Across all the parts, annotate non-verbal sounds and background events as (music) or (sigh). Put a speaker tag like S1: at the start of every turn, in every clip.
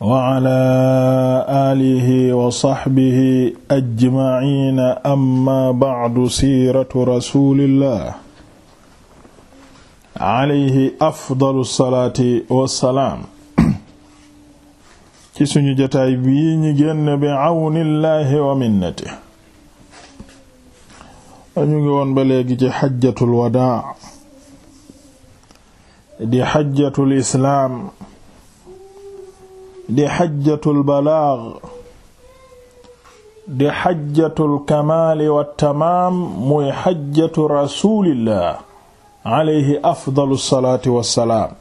S1: wala alihi wa saxbihi ajmaciina amma bacdu siiratu rasulillah alayhi afdalu salaati wassalaam ci suñu jotaay bii ñi génn bi awnillahi wa minnati ñu ngi woon ba léegi ci xajjatul wadaa di xajjatul islaam di xajjatul balaag di xajjatul kamaali wa tamaam muy xajjatu rasulillah alayhi afdalu salaati wa salaam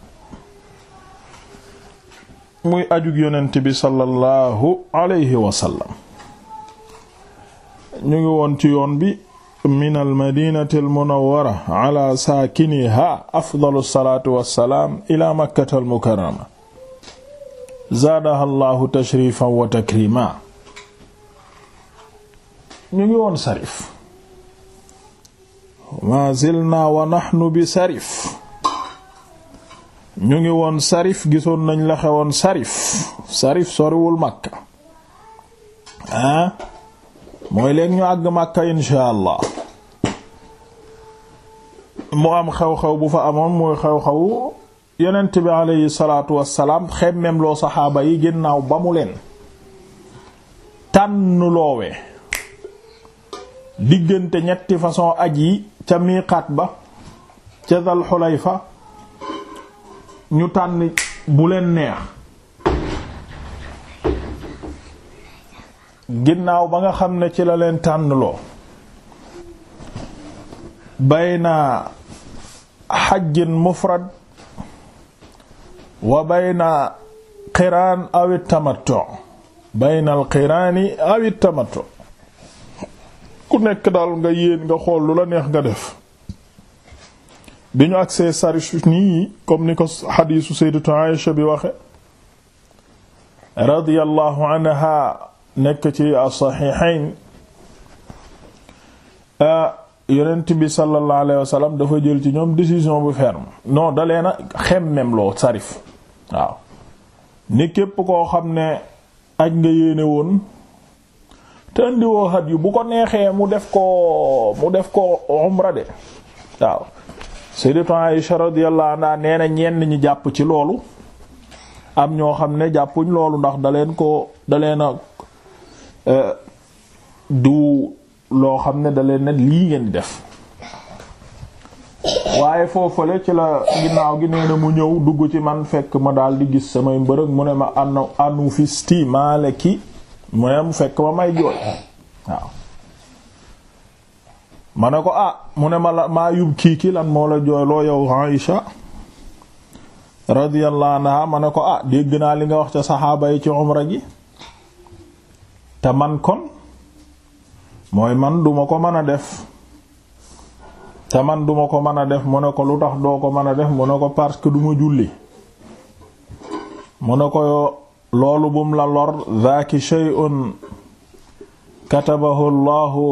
S1: muy ajug yonent bi sallallahu alayhi wa sallam ñu ngi woon ci yoon bi min almadinati almunawwara ala saakiniha afdalu salaati wa salaam ila makkata almukarrama zaadaha llahu tashrifan wa takrima ñu ngi woon sarif ma zilna wa nahnu bi sarif ñu ngi woon sarif gisoon nañ la xewoon sarif sarif soriwul makka ah mooy léegi ñu àgg makka insha allah mu am xew-xew bu fa amoon mooy xew-xew yonent bi aleyhi salaatu wassalaam xemmem loo saxaaba yi ginnaaw ba mu leen tànn loowe diggante ñetti façon aj yi ca miixaat ba ca dal xulayfa ñu tànn bu leen neex ginnaaw ba nga xam ne ci la leen tànn loo bayna xajjin mufrad wa bayna qiraan aw tamato bayna al qiraani aw tamattu ku nekk daal nga yéen nga xool lu la neex nga def bi ñu agsee sarif nii comme ni ko xadiisu sayyidatu Aïsha bi waxe radiyallahu anha nekk ci as-saxiixayn bi sallallahu alayhi wa dafa jël ci ñoom décision bu ferme non da leena xemmem loo sarif waaw ni képp koo xam ne aj nga yéene woon te indiwoo xat yu bu ko neexee mu def ko mu def ko umra de waaw sayyidatu Aisha radiyallahu anha nee na ñenn ñi jàpp ci loolu am ñoo xam ne jàppuñ loolu ndax da leen ko daleen leen a euh, du loo xam ne da leen ne lii ngeen def waaye foofale ci la ginnaaw gi nee na mu ñëw dugg ci man fekk ma daal di gis samay mbërëg mu ne ma anu anu fisti maaleki mu ne mu fekk ma may jooy waaw ma ne ko ah mu ne ma la maa yub kii ki lan moo la jooy loo yow Aïsha radiyallahu anha ma ne ko ah dégg naa li nga wax ca saxaaba yi ci umra gi te man kon mooy man duma ko mën a def te man duma ko mën a def mu ne ko lu tax doo ko mën a def mu ne ko parce que duma julli mu ne ko loolu bum la lor zaaki shay'un katabahu llahu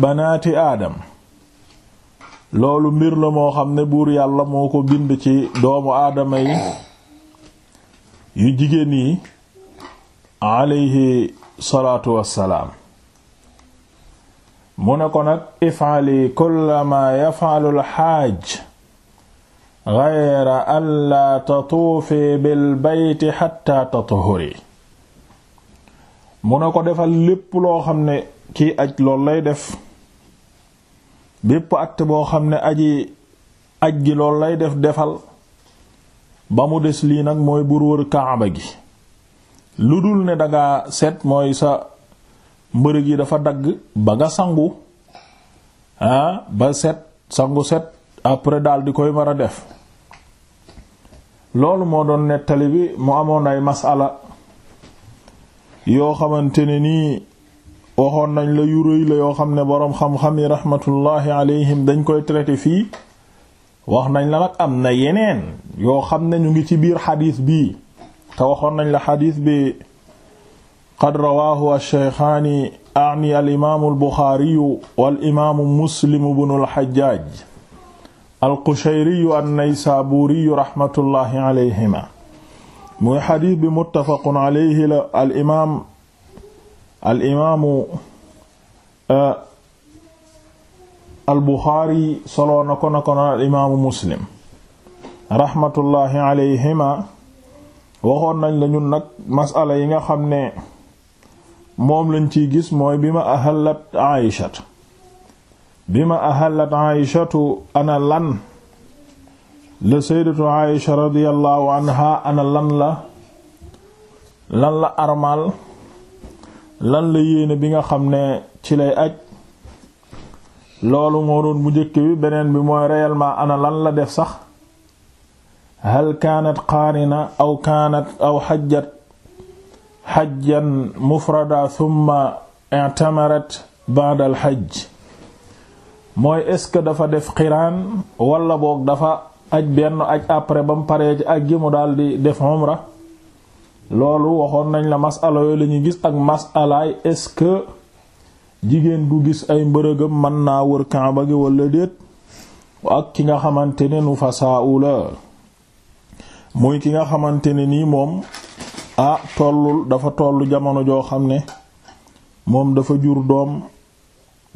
S1: banaati aadam loolu mbir la moo xam ne buur yàlla moo ko bind ci doomu aadama yi yu jigéen yi alayhi salaatu wassalaam mu ne ko nag ifaali kulla maa yafaalu alxaaj gayra an laa bil bayti xatta tatuhuri mu ne ko defal lépp loo xam ne ki aj lool lay def bépp at boo xam ne aji aj gi lool lay def defal ba mu des lii nag mooy bur wër kaaba gi lu dul ne danga seet mooy sa mbërëg yi dafa dagg ba nga sangu ah ba set sangu set après daal di koy war a def loolu moo doon nettali bi mu amoon ay masala yoo xamante ne nii waxoon nañ la yu rëy la yoo xam ne boroom xam-xam yi rahmatullahi alayhim dañ koy traité fii wax nañ la nag am na yeneen yoo xam ne ñu ngi ci biir xadiis bii te waxoon nañ la xadiis bi qad rawaahu ash-shaykhaani a'ni al-imaamu al-Buxaariyu wal-imaamu Muslimu bnu al-Hajjaaj al-Qushayriyu an-Naysaabuuriyu rahmatullahi alayhimaa muy xadiis bi muttafaqun alayhi la al-imaam al-imaamu uh, al-Buxaari soloo na ko na ko na al-imaamu Muslim rahmatullahi alayhimaa waxoon nañ la ñun nag masala yi nga xam ne moom lañ ciy gis mooy bi ma ahalat aïchatu bi ma ahalat aïchatu ana lan la saydatu aïcha radiyallahu anha ana lan la lan la armal lan la yéene bi nga xam ne ci lay aj loolu moo doon bu njëkk bi beneen bi mooy réellement ana lan la def sax hal kaanat qaarina aw kaanat aw xajat xajjan mufrada thumma i'tamarat ba'da al xajj mooy est dafa def xiraan wala boog dafa aj benn aj après ba mu paree ci aj gi mu daal di def umra loolu waxoon nañ la masala yooyu la gis ak masalaay est-ce que jigéen bu gis ay mbërëgam mën naa wër Kaaba gi wala déet ak ki nga xamante ne nu fasaa ula muy ki nga xamante ne moom ah tollul dafa tollu jamono joo xam ne moom dafa jur doom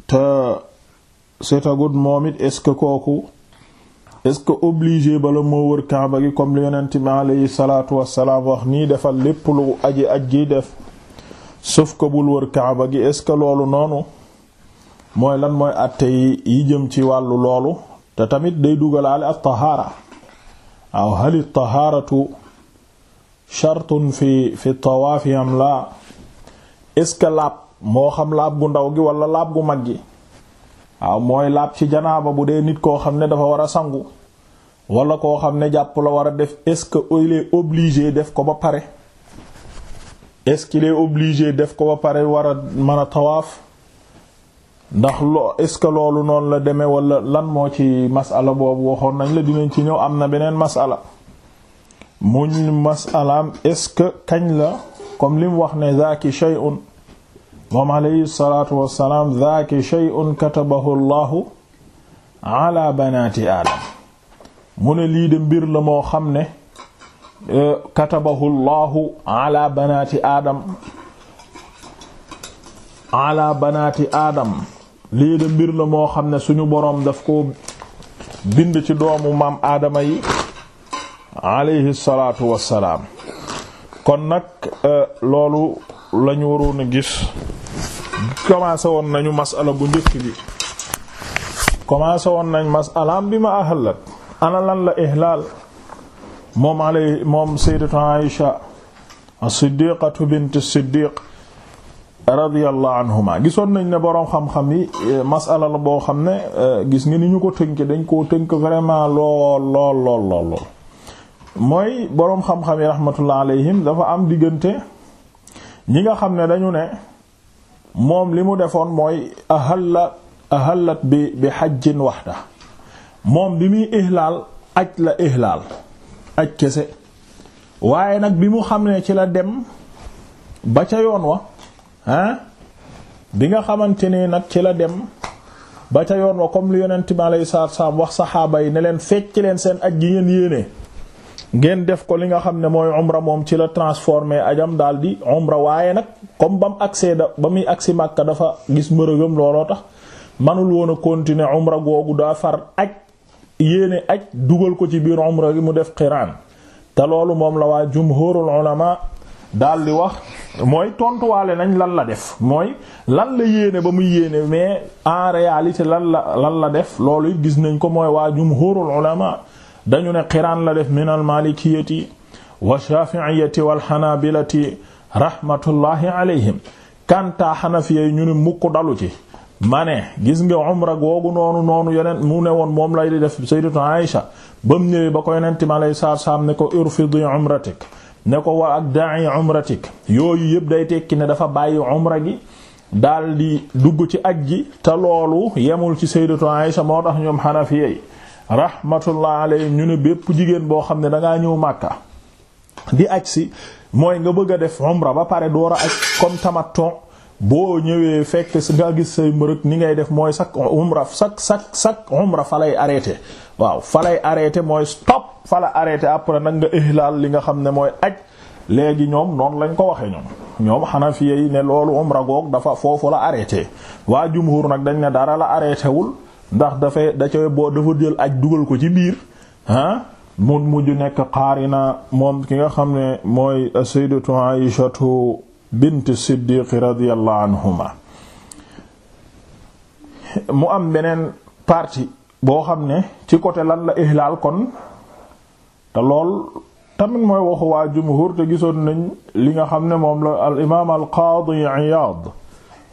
S1: te setagut moom it est-ce que kooku est-ce que obligé bala moo wër kaaba gi comme li yonent bi alayhi salaatu wassalaam wax nii defal lépp lu aji aj gi def sëf que bul wër kaaba gi est-ce que loolu noonu mooy lan mooy àtte yi jëm ci wàllu loolu te tamit day dugalaale at-tahaara aw hal tahaaratu chartun fi fi tawaaf am la est-ce que laab moo xam laab gu ndaw gi wala laab gu mag gi waaw mooy laab ci janaaba bu dee nit koo xam ne dafa war a sangu walla koo xam ne jàpp la war a def est-ce que il est obligé def ko ba pare est-ce qu'il obligé def ko ba pare war a mën a tawaaf ndax lo est-ce que loolu noonu la demee wala lan moo ci masala boobu waxoon nañ la dinañ ci ñëw am na beneen masala muñ masalaam est-ce que kañ la comme lim wax ne zaaki shay'un moom alayhi salaatu wassalaam zaaki shay'un katabahu llahu ala banaati aadam mu ne lii de mbir la moo xam ne euh, katabahu llahu ala banaati aadam lii de mbirla moo xam ne suñu boroom daf ko bind ci doomu maam aadama yi alayhi salaatu wassalaam kon nag euh, loolu lañu waroon a gis commencé woon nañu masala bu njëkk bi commencé woon nañ masalaam bi ma ahalat ana lan la ihlaal moom alay moom sayyidatu Aisha as-siddiqatu bint as-siddiq radiyallahu anhuma gisoon nañ ne boroom xam-xam yi euh, masala la boo xam ne euh, gis nga ni ñu ko tënk dañ koo tënk vraiment lool lool lool lool lool mooy boroom xam-xam yi rahmatullah alayhim dafa am diggante ñi nga xam ne dañu ne moom li mu defoon mooy ahalla ahallat bi bi xajjin waxda moom bi muy ihlaal aj la ihlaal aj kese waaye nag bi mu xam ne ci la dem ba ca yoon wa ah bi nga xamante ne nag ci la dem ba ca yoon wa comme li yonent bi alayhi salaatu wa wax saxaaba yi ne leen fecc leen seen aj gi ngeen yéenee ngeen def ko li nga xam ne mooy umra moom ci la transformé ajam daal di umra waaye nag comme ba mu agsee da ba muy agsi màkk dafa gis mërëgëm looloo tax manul woon a continuer umra googu daa far aj yéene aj dugal ko ci biir umra gi mu def xiraan te loolu moom la waa jum jumhurul ulama daal di wax mooy tontuwaale nañ lan la def mooy lan la yéene ba muy yéene mais en réalité lan la lan la def loolu it gis nañ ko mooy waa jumhurul ulama dañu ne qiraan la def min almalikiyati wa shafiiyati walxanabilati rahmatullahi alayhim kanta xanafiya yi ñu ne mukk dalu ci ma ne gis nga umra googu noonu noonu yeneen mu ne woon moom lay di def sayyidatu Aïsha bam ñëwee ba ko yonente mi alay saar saam ne ko urfidi umratik ne ko wa ak da'i umratik yooyu yëpp day tekki ne dafa bàyyi umra gi daal di dugg ci ak gi te loolu yemul ci sayyidatu Aïsha moo tax ñoom xanafiya rahmatullah alayhi ñu ne bépp jigéen boo xam ne dangaa ñëw màkka di aj si mooy nga bëgg a def umra ba pare door a aj comme ton boo ñëwee fekk nga gis say mbërëg ni ngay def mooy sak umra sak sak sak fa lay arrêté waaw fa lay arrêté mooy stop fa la arrêté après nag nga ihlaal li nga xam ne mooy aj léegi ñoom noonu lañ ko waxee ñoom ñoom Hanafiya yi ne loolu umra goog dafa foofu la arrêté waa jumhur nag dañ ne dara la arrêté wul. ndax dafay da ca boo dafa jël aj dugal ko ci biir ah mu mujj nekk qaarina moom ki nga xam ne mooy sayyidatu Aishatu bint Siddiq radiyallahu ma mu am beneen partie boo xam ne ci côté lan la ihlaal kon te lool tamit mooy waxu waa jumhur te gisoon nañ li nga xam ne moom la al imaam al qaadi Iyaad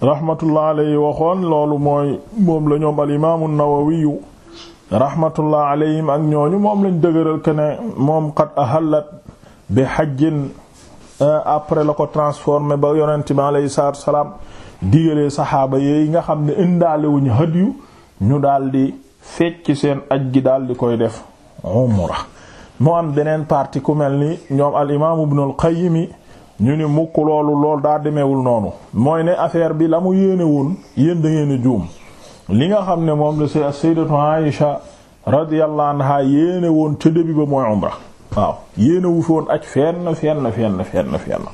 S1: rahmatullah alayhi waxoon loolu mooy moom la ñoom al imaamu nawawiyu rahmatullah alayhim ak ñooñu moom lañ dëgëral que ne moom qad ahallat bi hajjin euh, après la ko transformé ba yonent bi alayhi salaatu salaam digalee saxaaba yi nga xam ne indaale wuñu hadiyu ñu daldi fecc seen aj gi daldi koy def umra moo am beneen partie ku mel ni ñoom al imaamu ibnul ñu ni mukk loolu lool daa demeewul noonu mooy ne affaire bi la mu yéene woon yéen da ngeen a juum li nga xam ne moom la sa sayyidatu Aïsha radiyallahu anha yéene woon ca début ba mooy umra waaw yéene wu fi woon aj fenn fenn fenn fenn fenn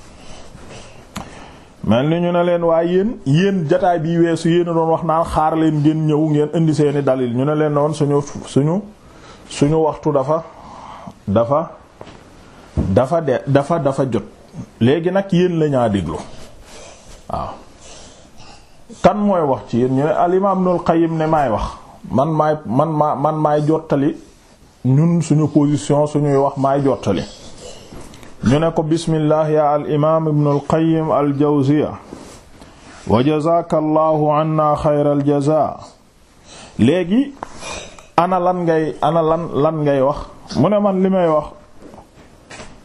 S1: mel ni ñu ne leen waaye yéen yéen jataay bi weesu yéen a doon wax naan xaar leen ngeen ñëw ngeen indi seeni dalil ñu ne leen noon suñu suñu suñu waxtu dafa dafa dafa de dafa dafa jot léegi nag yéen la ñaa déglu waaw kan mooy wax ci yéen ñu ne al imaam Ibnul Qayyim ne maay wax man maay man maa man maay jottali ñun suñu position suñuy wax maay jottali ñu ne ko bismillah ya al imaam Qayyim al Jawziya wa jazaaka allahu anna xayral jazaa léegi ana lan ngay ana lan lan ngay wax mu ne man li may wax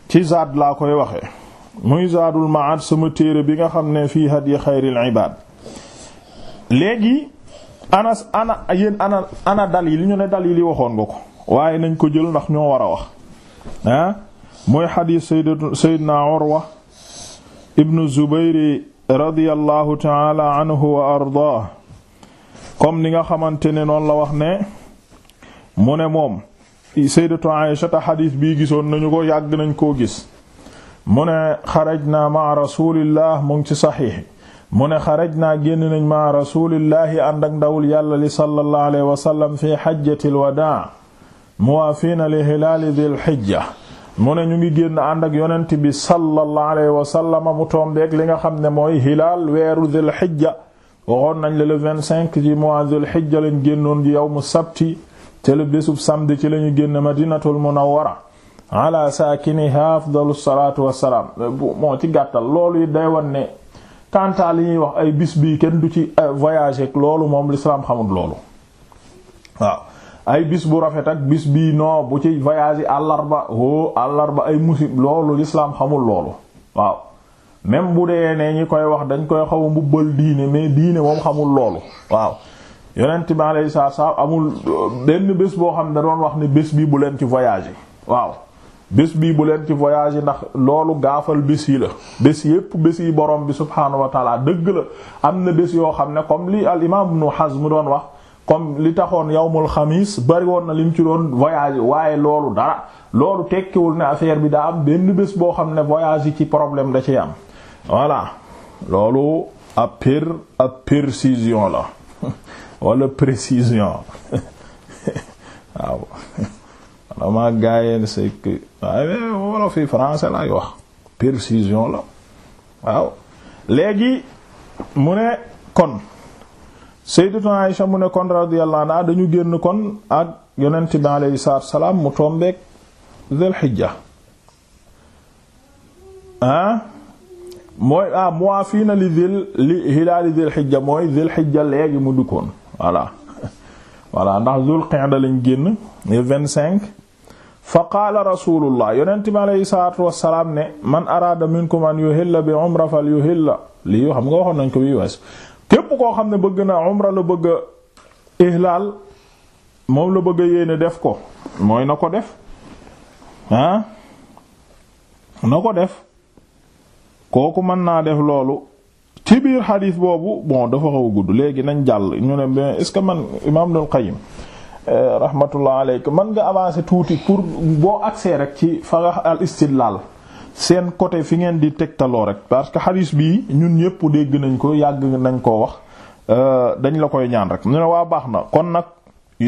S1: ci zaad laa koy waxe muy zaadul maad sama téere bi nga xam ne fii hadi xayril ibaad léegi anas ana yéen ana ana dalil li ñu ne dalil yi waxoon nga ko waaye nañ ko jël ndax ñoo war a wax ah mooy xadiis sayyid sayyidna urwa ibnu zubayr radiyallahu taala anhu wa ardaah comme ni nga xamante ne noonu la wax ne mu ne moom sayyidatu Aisha ta xadiis bii gisoon nañu ko yàgg nañ koo gis mu ne xarajna ma rasulillah mu ngi ci saxiix mu ne xarajna génn nañ ma rasulillahi ànd ak ndawul yàlla li sallallahu alayhi wa sallam fi xajjatil wadaa muwaafiina li hilaali dil xijja mu ne ñu ngi génn ànd ak yonent bi sallallahu alayhi wa sallam mu tombeek li nga xam ne mooy hilaal weeru dil xijja waxoon nañ la le vingt-cinq ci mois dil xijja lañ génnoon ji yawmu sabti te le bésub samdi ci lañu génn madinatul munawwara ala saakiniha afdalu salaatu wassalaam moo ci gàttal loolu yi day wan ne kantaa li ñuy wax ay bis bii kenn du ci eh, voyage ak loolu moom lislaam xamul loolu waaw ay bis bu rafet ak bis bi non bu ci voyage yi àllarba o àllarba ay musib loolu lislaam xamul loolu waaw même bu dee ne ñi koy wax dañ koy xaw a mbubbal diine mais diine moom xamul loolu waaw yonent bi saa salaatu amul euh, benn bés boo xam ne da doon wax ne bés bi bu leen ci voyage waaw bés bii bu leen ci voyage yi ndax loolu gaafal bés yi la bés yépp bés yi borom bi subhaanahu wa taala dëgg la am na bés yoo xam ne comme li al imaam Ibnu mu doon wax comme li taxoon yawmul xamis bari woon na lim ci doon voyage waaye loolu dara loolu tekkiwul ne affaire bi daa am benn bés boo xam ne voyage yi ci problème da ciy am voilà loolu a pire a précision la (laughs) wala précision (laughs) waaw dama gaayeen c'est que waaye wolof yi français laay wax précision la waaw léegi mu ne kon Sayyidatu Aïsha mu ne kon radiyallahu anha dañu génn kon ak yonent bi alayhi salaatu salaam mu tombeek Dhul Hijja ah mooy ah muwaafiina li dhil li hilaali Dhul Hijja mooy Dhul Hijja léegi mu dukkoon voilà (laughs) voilà ndax Dhul Qa'da lañ génn le cinq fa qaala rasulullah yonent bi aleyhi salaatu ne man araada minkum an yuhilla bi umra fal lii xam nga waxoon nañ ko bi wees képp koo xam ne bëgg na umra la bëgg a ihlaal moom la bëgg a yéene def ko mooy na ko def ah na ko def kooku mën naa def loolu ci biir xadiis boobu bon dafa xaw gudd léegi nañ jàll ñu ne mais est-ce que man imaam Ibnul Qayyim Euh, rahmatullah aleykum mën nga avancer tuuti pour boo accès rek ci farax al laal seen côté fi ngeen di tegtaloo rek parce que xadiis bii ñun ñépp dégg nañ ko yàgg nañ koo wax euh, dañ la koy ñaan rek ñu waa baax na kon nag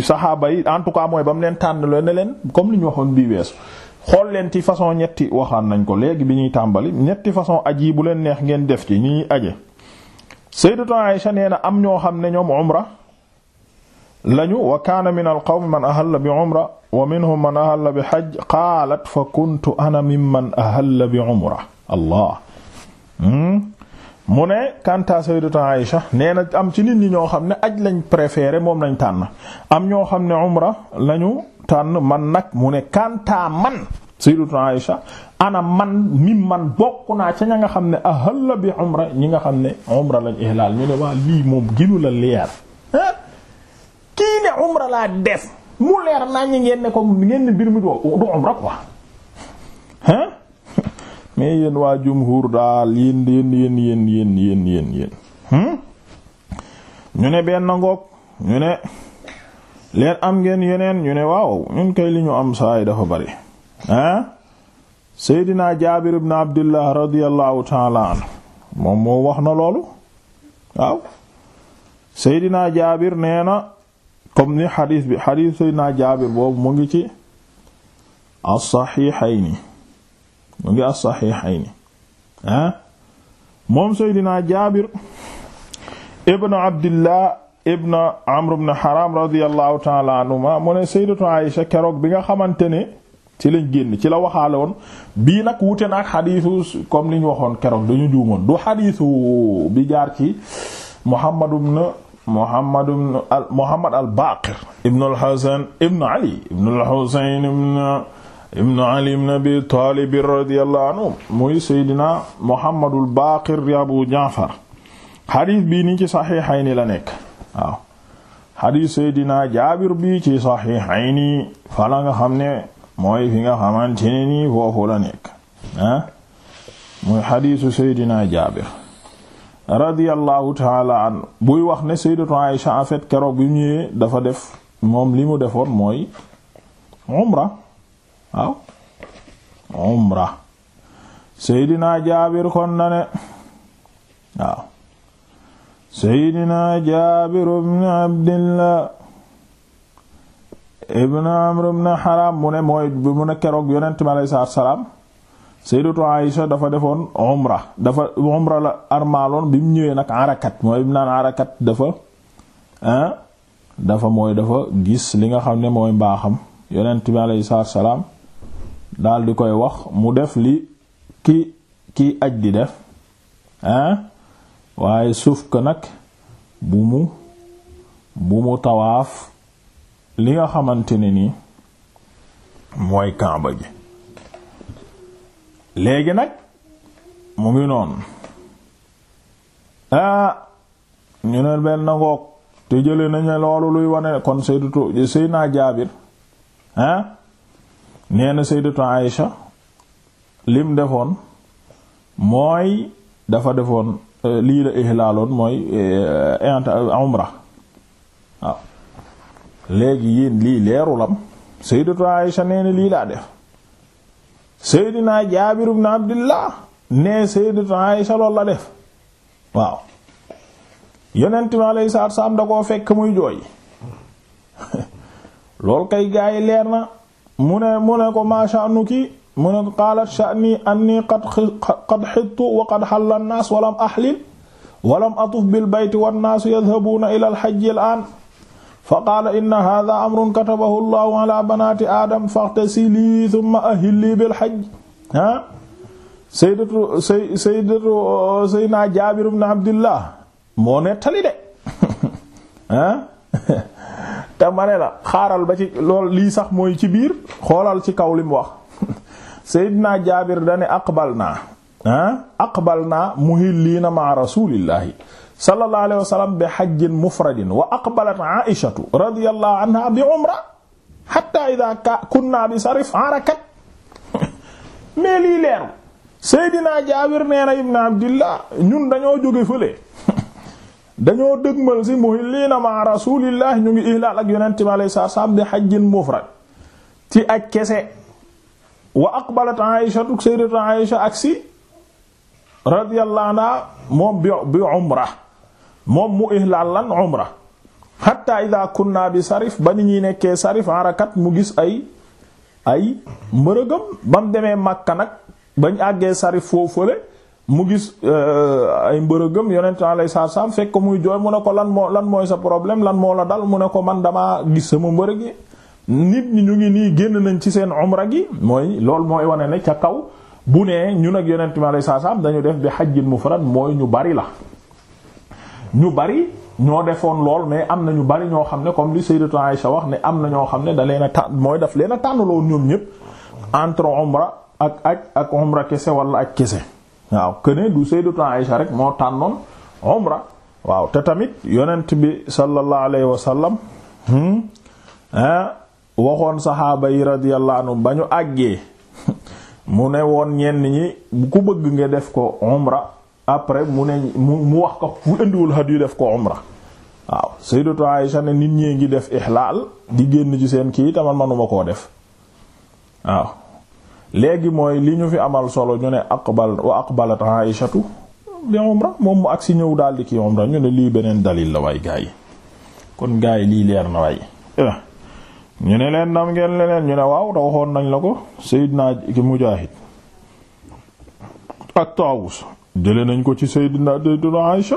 S1: saxaaba yi en tout cas mooy ba mu leen tànn loo ne leen comme li ñu waxoon bii weesu xool leen ci façon ñetti waxaan nañ ko léegi bi ñuy tàmbali ñetti façon aj yi bu leen neex ngeen def ci ñi ñuy aje Sayyidatu Aisha nee na am ñoo xam ne ñoom umra lañu wa kaana min alqawmi man ahalla bi umra wa minhum man ahalla bi hajj qaalat fa kuntu ana mimman ahalla bi umra allah hmm? mu ne kanta sayyidatu Aïsha nee na am ci nit ñi ñoo xam ne aj lañ préféré moom lañ tànn am ñoo xam ne umra lañu tànn man nag mu ne kanta man sayyidatu Aïsha ana man mimman bokk naa ca ña nga xam ne ahalla bi umra ñi nga xam ne umra lañ ihlaal ñu ne waa lii moom la leer kii ne umra ñu ne ko (laughs) yéen waa daal yéen yéen yéen yéen yéen ne benn ngoog ñu ne leen am ngeen yeneen ñu ne waaw ñun kay li ñu am saay dafa bari ah seydina jaabir ibn abdillah radiallahu taala anhu moom moo wax na loolu waaw seydina jaabir nee na comme ni xadiis bi xadiis Seydina Jaabir boobu mu ngi ci as-Saxiixayni mu ngi as-Saxiixayni ah moom Seydina Jaabir ibnu Abdillah ibnu Amr ta'ala anhuma mu ne Sayyidatu Aïsha keroog bi nga xamante ne ci lañ génn ci la waxaale woon bii nag wute na ak xadiisu comme li ñu waxoon keroog dañu juumoon du xadiisu bi jaar ci Muhammad ibnu Muhammad ibn al Muhammad al Baqir ibn al Hasan ibn Ali ibn Abi Talib radiyallahu anhu muy Seydina Muhammad al Baqir Abu Ja'far xadis bii ni ci Sahihayni la nekk waaw xadis Seydina Jaabir bii ci Sahihayni fala nga xam ne mooy fi nga xamante ne nii foofu la nekk ah muy Jaabir radiyallahu taala an buy wax ne sayyidatu Aïsha en fait keroog bi mu dafa def moom li mu defoon mooy umra waaw umra seydina jaabir kon na ne waaw seydina jaabir ibn abdillah ibn amr ibn haram mu ne mooy mu ne keroog yonent mi salaam sayyidatu Aisha dafa defoon umra dafa umra la armaaloon bi mu ñëwee nag arakat mooy bi mu naan arakat dafa ah dafa mooy dafa gis li nga xam ne mooy mbaaxam yonent bi alayhi salaatu salaam daal di koy wax mu def li ki ki aj di def ah waaye suuf ko nag bu mu bu mu tawaaf li nga xamante ne ni mooy kàmba gi léegi nag mu ngi noonu ah ñu ne benn ngoog te jëlee nañu loolu luy wane kon sayyidatu Seydina Jaabir ah nee na sayyidatu Aïcha lim defoon mooy dafa defoon eh, lii la ihlaaloon mooy eh, umra waaw léegi yéen lii leerulam sayyidatu Aïcha nee na lii laa def seydinaa jaabir ibn abdillah ne sayyidatuna Aisha lool la def waaw yonent mi alayhi salaatu fekk muy jooy (laughs) lool kay gaa yi leer na mu ne mu ko qaalat sha'ni anni qad qad wa qad xalla an wa lam ahlil wa lam atuf bil bayti wan-naasu yadhabuuna ila al fa qaala inna hada amrun katabahu llahu ala banaati aadam faxtasilii thumma ahillii bilhajj ah saydatu say saydatu saydna jaabir ibn abdillah moo ne de ah (laughs) (laughs) te ma xaaral ba ci lii sax mooy ci biir xoolal ci kaw lim wax (laughs) saydna jaabir dane aqbal na ah aqbal naa muhilliina ma rasulillahi sallallahu alayhi wa bi hajjin mufradin wa aqbalat aishatu radiyallahu anha bi umra hatta idha kunna bi sarif arakat (laughs) mais leeru Seydina Jaabir nee ibn Abdillah ñun dañoo jóge fële (laughs) dañoo dëgmal si muhilliina ma rasulillah ñu ngi ak yonente bi bi hajjin mufrad ci ak kese wa aqbalat Aisha sayyidatu Aisha aksi radiyallahu anha moom bi bi moom mu ihlaal lan umra hatta ida kunna bi sarif ba ni ñuy nekkee sarif arakat mu gis ay ay mbërëgam ba mu demee Makka nag bañ àggee sarif foofale mu gis euh, ay mbërëgam yonent alayhi salaam fekk muy jooy mu ne ko lan moo lan mooy sa problème lan moo la dal mu ne ko man damaa gis sama mbërëg yi nit ñi ñu ngi nii génn nañ ci seen umra gi mooy loolu mooy wane ne ca kaw bu nee ñun ak yonent alayhi salaam dañu def bi mu mufrad mooy ñu bari la ñu bari ñoo defoon lool mais am na ñu bari ñoo xam ne comme li sayyidatu Aisha wax ne am na ñoo xam ne da leen a tànn mooy def leen a tànnaloon ñoom ñépp entre umra ak ak ak umra kese wala ak kese waaw këne du sayyidatu Aisha rek moo tànnoon umra waaw te tamit yonent bi sallallahu alayhi wa sallam hmm, waxoon saxaaba yi radiyallahu anhu ba ñu àggee (laughs) mu ne woon ñenn ñi ku bëgg nga def ko umra après mu ne mu mu wax ko fu indiwul hadiyu def ko umra waaw sayyidatu Aisha ne nit ñee ngi def ihlaal di génn ci seen kii taman manuma koo def waaw léegi mooy li ñu fi amal solo ñu ne aqbal wa aqbalat Aishatu bi umra moom mu agsi ñëw daal di kii umra ñu ne lii beneen dalil la waay gaa yi kon gaa yi lii leer na waay eh. ñu ne leen nam ngeen leneen ñu ne waaw da waxoon nañ la ko Seydina ki Mujaahid ak Taawus jële nañ ko ci Seydina Seydina Aïcha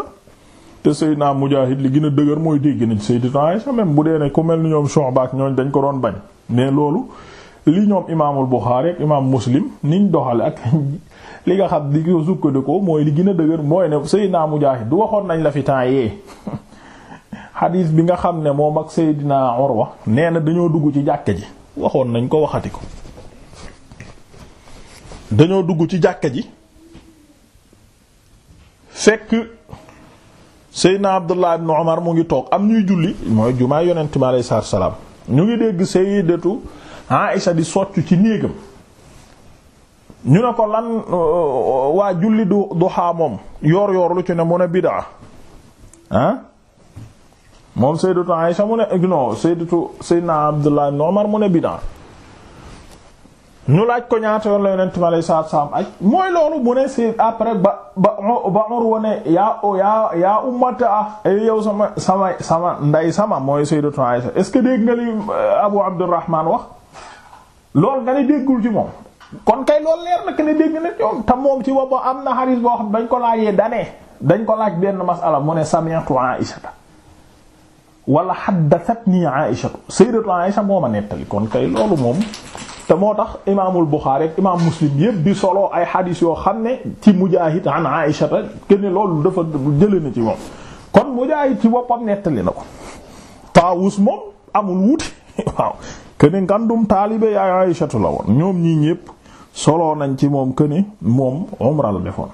S1: te Seydina Mujaahid li gën a dëgër mooy dégg nañ Seydina Aïcha même bu dee ne ku mel ni ñoom Shu'ba ak ñooñ dañ ko doon bañ mais loolu li ñoom imaamul Buxaari ak imaam Muslim niñ doxale ak (laughs) li nga xam di ko mooy li gën dëgër mooy ne Seydina Mujaahid du waxoon nañ la fi temps (laughs) bi nga xam ne moom ak Seydina Urwa nee na dañoo dugg ci jàkka ji waxoon nañ ko waxati ko dañoo dugg ci jàkka ji fekk na Abdullah ibn Omar mu ngi toog am ñuy julli mooy jumaa yonent mi alayhi salaatu salaam ñu ngi dégg Sayyidatu Aisha di soccu ci néegam ñu ne ko lan euh, waa julli du duhaa moom yoor yoor lu ci ne mu ne bidaa ah moom Sayyidatu Aisha mu ne non Sayyidatu Seydina Abdullah ibn Omar mu ne bidaa ñu laaj ko ñaata yoon la yonent mi alayhi salaatu salaam aj mooy loolu mu ne c'est après ba ba ba Urwa ne yaa yaa yaa ummata ah sama sama sama nday sama mooy Sayyidatu Aisha est-ce que dégg nga li eh, Abu wax loolu nga ne déggul ci moom kon kay loolu leer na que ne dégg na ñoom te moom ci wobbo am na xaris boo xam dañ ko laajee danee dañ ko laaj benn masala mu ne sami'tu Aisha wala haddathatni Aisha Sayyidatu Aisha moo ma nettali kon kay loolu moom te moo tax imaamul Buxaari ak imaam Muslim yëpp di solo ay xadiis yoo xam ne ci Mujaahid an Aïsha kenn loolu dafa jëlee na ci moom kon Mujaahid ci boppam nettali na ko Taawus moom amul wuute (laughs) waaw kenn ngandum taalibe yaay Aïsha la woon ñoom ñii ñëpp solo nañ ci moom kenn moom umra la defoon.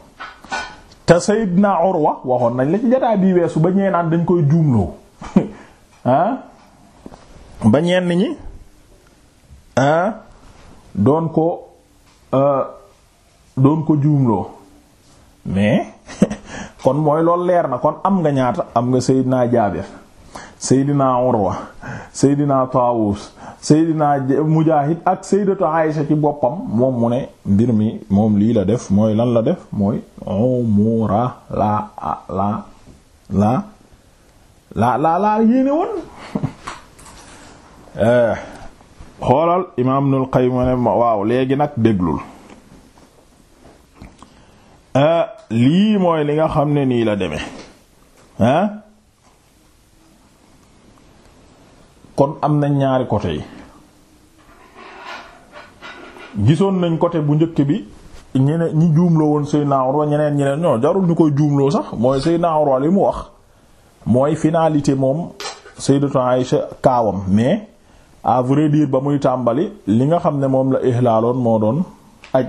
S1: te Seydina Urwa waxoon nañ la ci jotaay bii weesu ba ñee naan dañ koy juumloo (laughs) ah? ba ñenn ñi ah. doon ko euh, doon ko juumloo mais (laughs) kon mooy loolu leer na kon am nga ñaata am nga Seydina Jaabir Seydina Urwa Seydina Taawus Seydina Mujaahid ak Sayyidatu Aysa ci boppam moom mu ne mbir mi moom lii la def mooy lan la def mooy umra la la la la la la yéene woon (laughs) euh, xoolal imaam Ibnul Qayyim ne waaw léegi nag déglul ah, lii mooy li nga xam ne nii la deme ah kon am nañ ñaari côté yi gisoon nañ côté bu njëkk bi ñeneen ñi juumloo woon Seydina Urwa ñeneen ñeneen ñoo jarul ñu koy juumloo sax mooy Seydina Urwa li mu wax mooy finalité moom Sayyidatu Aïcha kaawam mais à vrai dire ba muy tàmbali li nga xam ne moom la ihlaaloon moo doon ak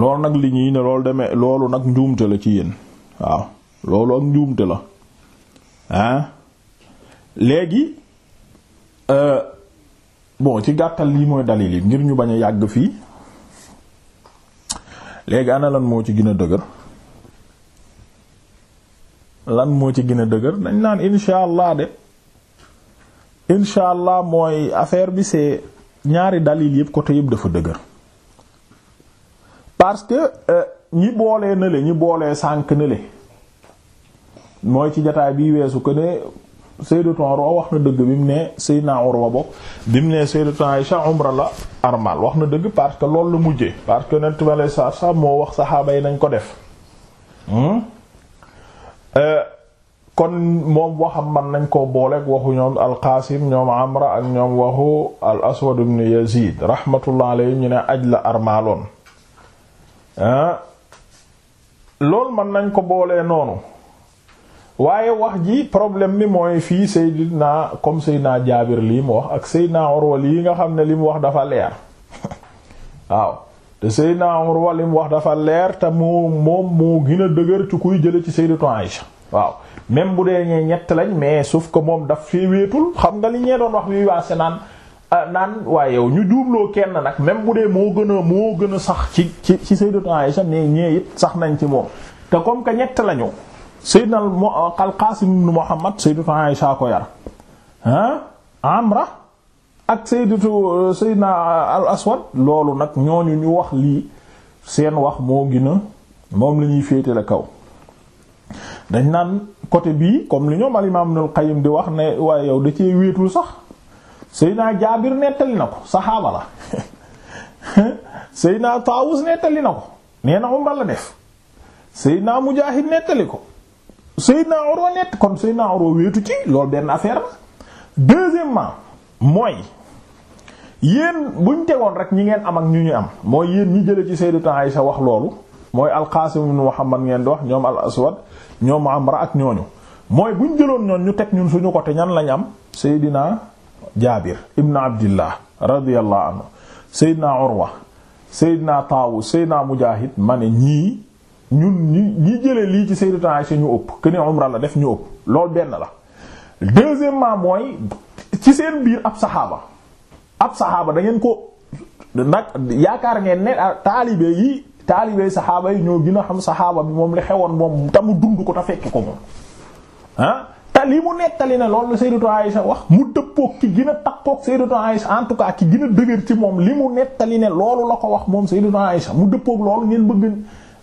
S1: loolu nag li ñuy ne loolu demee loolu nag njuumte la ci yéen waaw loolu ak njuumte la ah léegi euh, bon ci gàttal lii mooy dalil ngir ñu bañ a yàgg fii léegi ana lan moo ci gën a dëgër lan moo ci gën a dëgër dañ naan insha allah de incha allah mooy affaire bi c'est ñaari dalil yëpp côté yëpp dafa dëgër parce que euh, ñi boolee na le ñi boolee sànq na mooy ci jataay bi weesu que ne Sayyidatu Urwa wax na dëgg bi mu ne Sayyidna Urwa bokk bi mu ne Sayyidatu Aïsha umra la armal wax na dëgg parce que loolu la mujjee parce que Yonent bi alayhi moo wax saxaaba yi nañ ko def hmm? euh, kon moom waxam man nañ koo booleek waxu ñoom alqaasim ñoom amra ak ñoom waxu al aswad ibn yazid rahmatullah alayhim ñu ne aj la armaaloon ah, lool mën nañ ko boolee noonu waaye wax ji problème bi mooy fii Seydina comme Seydina Jaabir lii mu wax ak Seydina Urwa lii nga xam ne li mu wax dafa leer (laughs) waaw te Seydina Urwa li mu wax dafa leer te mu moom moo gën a dëgër ci kuy jële ci Sayyidatu Aïsha waaw même bu dee ñee ñett lañ mais suuf ko moom daf fee wéetul xam nga li ñee doon wax wi waase naan ah, naan waaye yow ñu juumloo kenn nag même bu dee moo gën a moo gën a sax ci ci ci Sayyidatu Aisha ne ñee sax nañ ci moom te comme que ñett lañu Sayyidna al-Qasim ibn Muhammad Sayyidatu Aisha ko yar ah Amra ak Sayyidatu Sayyidna al-Aswad loolu nag ñooñu ñu wax lii seen wax moo gën moom la féete la kaw dañ naan côté bii comme li ñoom al imaam Ibnul Qayyim di wax ne waaye yow da cee wéetul sax Seydina Jaabir nettali na ko saxaaba la (laughs) Seydina Taawus nettali na ko nee na Umar la def Seydina Mujaahid nettali ko Seydina Urwa nett kon Seydina Urwa wéetu ci loolu benn affaire la deuxièmement mooy yéen buñ tegoon rek ñi ngeen am ak ñu ñu am mooy yéen ñi jële ci temps Sayyidatu sa wax loolu mooy al-Qaasim ibn Muhammad ngeen di wax ñoom al-Aswad ñoom Amra ak ñooñu mooy bu ñu jëloon ñoon ñu teg ñun suñu côté ñan lañ am Seydina Jaabir ibn Abdillah radiyallahu anhu Seydina Urwa Seydina Taawus Seydina Mujaahid ma ne ñii ñun ñi ñi jëlee lii ci Sayyidatuna Aisha ñu ëpp que ne la def ñu ëpp loolu benn la deuxièmement mooy ci seen biir ab saxaaba ab saxaaba da ko nag yaakaar ngeen ne ah, taalibe yi taalibey saxaaba yi ñoo gën xam saxaaba bi moom li xewoon moom te mu dund ko te fekki ko moom ah te li mu nettali ne loolu Sayyidatu wax mu dëppook ki gën a takkook Sayyidatu Aïsha en tout cas ki gën moom li mu nettali ne loolu la ko wax moom Sayyidatu Aïsha mu dëppook loolu ngeen bëgg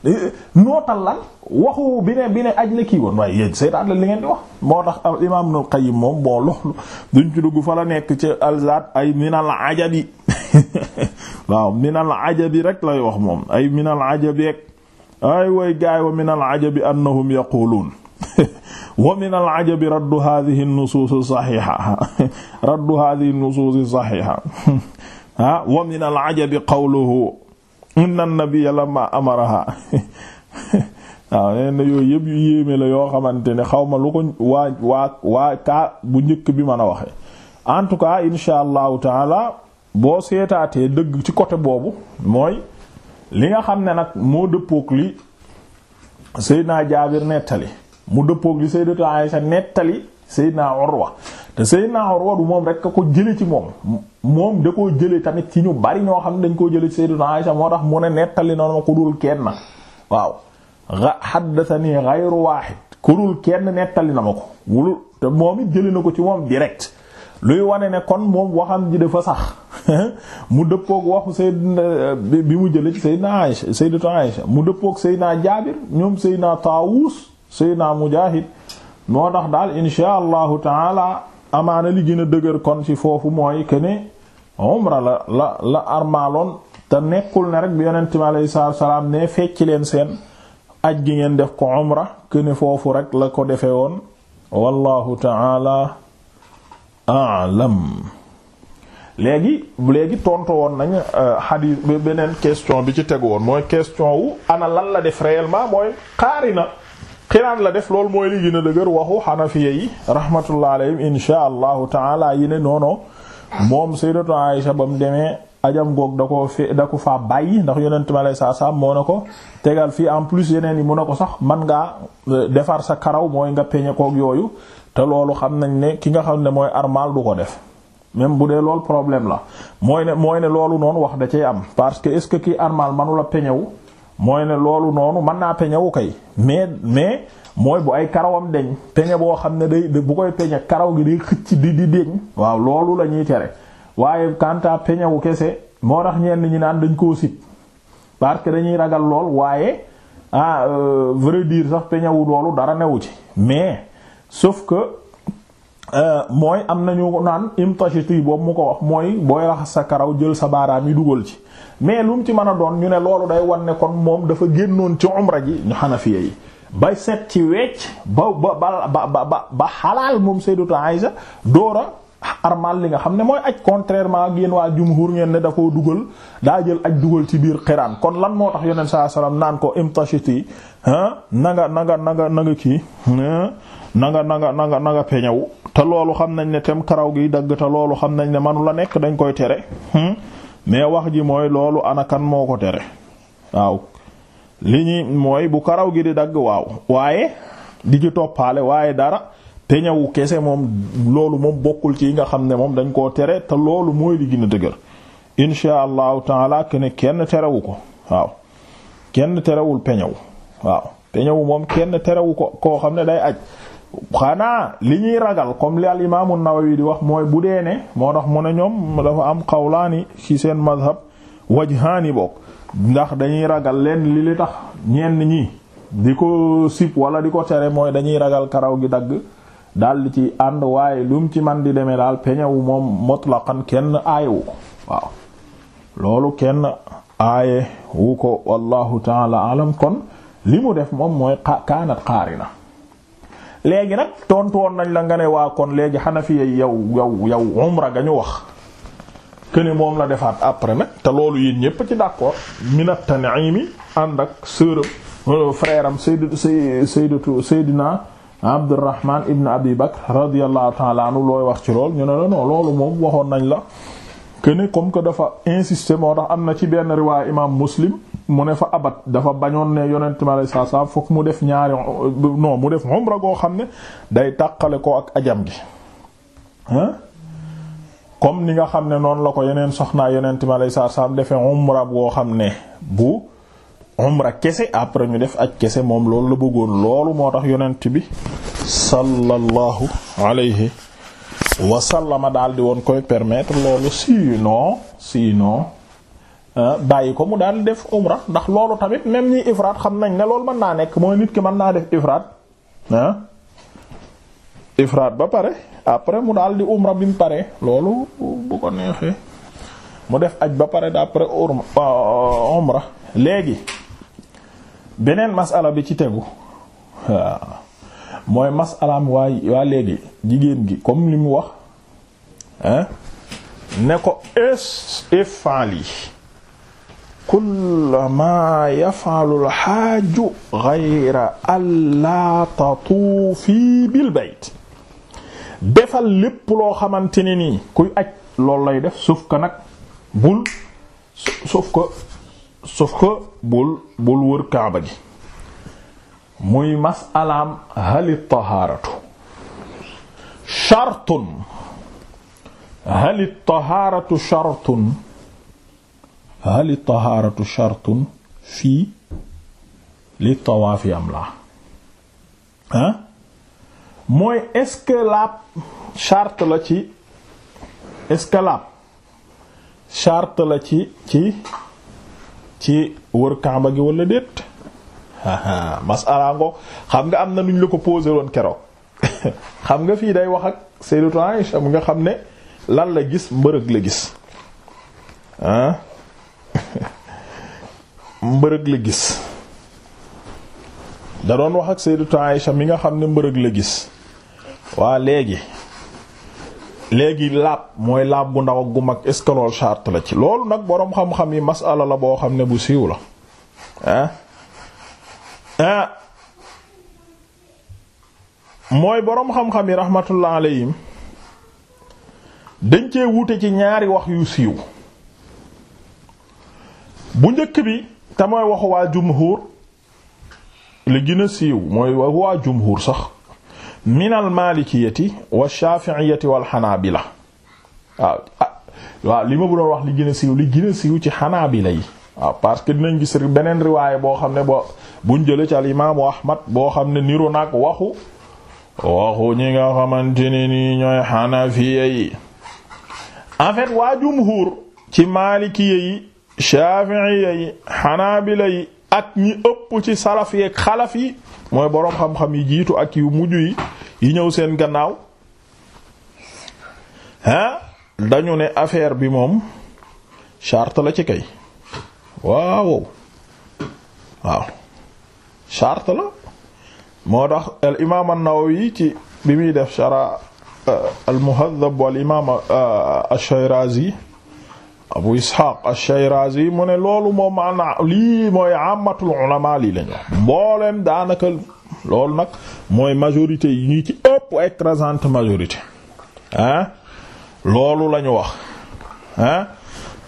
S1: eh, nootal lan waxu bi ne bi ne aj la kii woon waaye yéen seetaat la li ngeen di wax moo tax imaam Ibnul Qayyim moom boo loolu duñ ci dugg fa la nekk ci alzaat ay minal ajadi (laughs) waaw minal ajabi rek lay wax moom ay minal ajabi rek ay way gaay wa minal ajabi annahum yaquluun (laughs) wa minal ajabi raddu hadhihi nusuus saxiixa (laughs) raddu hadhihi nusuus saxiixa ah (laughs) wa minal ajabi qawluhu inna nabiyya lamma amaraha waaw nee na yooyu yëpp yu yéeme la yoo xamante ne xaw ma lu ko waa waa waa kaa bu njëkk bi mën a waxe en tout cas insha allahu taala boo seetaatee dëgg ci côté boobu mooy li nga xam ne nag moo dëppook li Seydina Jaabir nettali mu dëppook li Sayyidatu Aisha nettali Seydina Urwa te Seydina Urwa du moom rek a ko jële ci moom moom da koo jële tamit ci ñu bari ñoo xam ne dañ koo jële ci Sayyidatu Aisha moo tax mu ne nettali na ma ku dul kenn waaw haddathani ghayru wahid ku dul kenn nettali na ma ko wulul te moom it jële na ko ci moom direct luy wane ne kon moom waxam ji dafa sax (laughs) mu dëppoog waxu Seydina bi mu jëlee ci Seydina Aïcha Sayyidatu Aïcha mu dëppoog Seydina Jaabir ñoom Seydina Taawus Seydina Mujaahid moo tax daal insha allahu taala amaana li gën a dëgër kon ci foofu mooy que la la armaaloon te nekkul ne rek bi yonent mi alayhi salaatu salaam leen seen aj gi ngeen def ko umra foofu rek la ko defee woon wallahu taala a'lam léegi léegi tontu woon nañ xadiis euh, beneen question bi ci tegu woon mooy question wu ana lan la def réellement mooy xaari na xiraan la def loolu mooy li gën a dëgër waxu xanafiya yi rahmatullah alayhim insha allahu taala yi ne noono moom sayyidatu Aisha ba mu demee ajam goog da ko fe da ko faa bàyyi ndax yeneen ma lay sa saa moo ne ko tegal fii en plus yeneen yi mu ne ko sax man ngaa euh, defar sa karaw mooy nga peñe kook yooyu te loolu xam nañ ne ki nga xam ne mooy armal du ko def même bu dee lool problème la mooy ne mooy ne loolu noonu wax da cay am parce que est-ce que kii armal manula peñewu mooy ne loolu noonu mën naa peñewu kay mais mais mooy bu ay karawam deñ peñe boo xam ne day bu koy peñe karaw gi day xëcc di di deñ waaw loolu lañuy ñuy tere waaye kanta peñewu kese moo tax ñeen ñi naan dañ koo sit parce que dañuy ragal lool waaye ah euh, vrai dire sax peñewu loolu dara newu ci mais sauf que Euh, mooy am nañu naan imtashiti boobu mu ko wax mooy booy raxas sa karaw jël sa baaraam yi dugal ci mais lum ci mën a doon ñu ne loolu day wan ne kon moom dafa génnoon ci umra ji ñu Hanafiya yi ba set ci wecc ba ba ba ba ba xalaal moom Sayyidatu Aïsa doora armal li nga xam ne mooy aj contrairement ak yéen waa jumhur ngeen ne da koo dugal daa jël aj dugal ci biir xiraan kon lan moo tax yonent saa salaam naan ko imtashiti na nga na nga na nga na nga kii na nga na nga te loolu xam nañ ne tem karaw gi dagg te loolu xam nañ ne manu la nekk dañ koy tere hmm? mais wax ji mooy loolu anakan moo ko tere waaw li ñuy mooy bu karaw gi di dagg waaw waaye di ji toppaale waaye dara peñawu kese moom loolu moom bokkul ci yi nga xam ne moom dañ koo tere te loolu mooy li gën a dëgër insha allahu taala ken kenn terewu ko waaw kenn terewul peñaw waaw peñawu moom kenn terewu ko koo xam ne day aj xanaa li ñuy ragal comme li al imaamu Nawawi di wax mooy bu dee ne moo tax mu ne ñoom dafa am xawlaani ci seen mazhab wajhaani bokk ndax dañuy ragal leen li li tax ñenn ñi di ko sip wala di ko tere mooy dañuy ragal karaw gi dagg di ci ànd waaye lu ci man di demee daal peñewu moom mutlaqan kenn aayewu ko waaw loolu kenn aaye wu ko wallahu taala alam kon li mu def moom mooy kaanat qaarina léegi nag tontu woon nañ la nga ne waa kon léegi xanafiya yow yow yow umra ga ñu wax këne moom la defaat après nag te loolu yéen ñépp ci d'accord minat Tan'imi ànd ak sœuram euh, frère am sayyidu sayyidatu sayyidina Abdurrahman ibn Abi Bakr radiyallahu ta'ala anhu looy wax ci lool ñu ne la non loolu moom waxoon nañ la këne comme que dafa insister moo tax am na ci benn riwaaya imam Muslim mu ne fa abat dafa bañoon ne yonent mi alayhi salaatu salaam fokk mu def ñaari non mu def umra goo xam ne day tàqale ko ak ajam gi comme ni nga xam ne noonu la ko yeneen soxnaa yonent mi alayhi salaatu salaam defee umra goo xam ne bu umra kese après ñu def aj kese moom loolu la bëggoon loolu moo tax yonent bi sallallahu alayhi wasallama daal di woon koy permettre loolu sinon sinon Euh, bàyyi ko mu daal def umra ndax loolu tamit même ñi ifraat xam nañ ne loolu mën naa nekk mooy nit ki mën naa def ifraat ah ifraat ba pare après mu daal di umra bi mu pare loolu bu ko neexee mu def aj ba pare d'après euh, umra léegi beneen masala bi ci tegu mooy masalaam waay waa léegi jigéen gi comme li mu wax ne ko es ifali kullamaa yaf'alu al-haaju ghayra allaa tatuufi bil bayt defal lépp loo xamante ne nii kuy aj loolu lay def sauf que nag bul sauf que sauf que bul bul wër kaaba gi muy masalaam hali tahaaratu shartun hali tahaaratu shartun hal at-tahaaratu shartun fii li tawaafi am la ah mooy est-ce la ci est-ce que laab la ci ci ci wër Kaaba gi wala déet masala ngo xam nga am na nuñ la ko posé woon keroog xam nga fii day wax ak Sayyidatu Aisha mu nga xam ne lan la gis mbërëg la gis mbërëg la gis da doon wax ak Sayyidatu Aïcha mi nga xam ne mbërëg la gis waa léegi léegi laab mooy laab bu ndaw ak gu mag est-ce la ci loolu nag boroom xam-xam yi masala la boo xam ne bu siiw la mooy boroom xam-xam yi rahmatullah alayhim dañ cee wuute ci ñaari wax yu siiw bu njëkk bi te mooy waxu waa jumhur li gën siiw mooy waxu waa jumhur sax min al malikiyati wa shafi'iyati wal hanabila waaw ah, waaw li ma bu doon wax li gën siiw li gën siiw ci hanabila yi waaw parce que dinañ gis beneen riwaayé boo xam ne boo buñ jële ci al imaamu ahmad boo xam ne niru nag waxu waxu ñi nga xamante nii ñooy hanafiya yi en waa jumhur ci malikiyya yi Shafi'iyya yi Hanabila ak ñi ëpp ci salaf xalafi mooy borom xam-xam yi jiitu ak yu mujj yi yi ñëw seen gannaaw ah dañu ne affaire bi moom charte la ci kay waaw waaw charte la moo tax al imaam an-Nawawi ci bi muy def shara euh, al Muhaddab wal imaam euh, ash-Shirazi abu ishaq ash-shayrazi mu loolu moom maanaam lii mooy amatul la ñu daanaka loolu nag mooy majorité yi ñu ci ëpp écrasante majorité loolu la ñu wax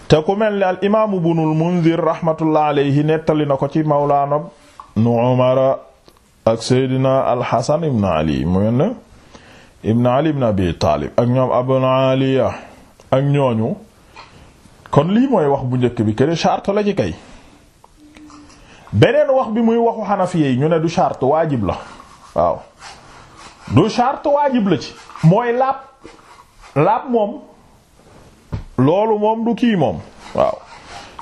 S1: te ku mel ni al imaamu ibnul munzir rahmatullah alayhi nettali na ko ci mawlaana nu umara ak seydina al hasan ibn ali mu mel ne ibn ali ibn ak ñoom ak ñooñu kon lii mooy wax bu njëkk bi kene charte la ci kay beneen wax bi muy waxu xanafiye yi ñu ne du charte waajib la waaw du charte waajib la ci mooy laab laab moom loolu moom du kii moom waaw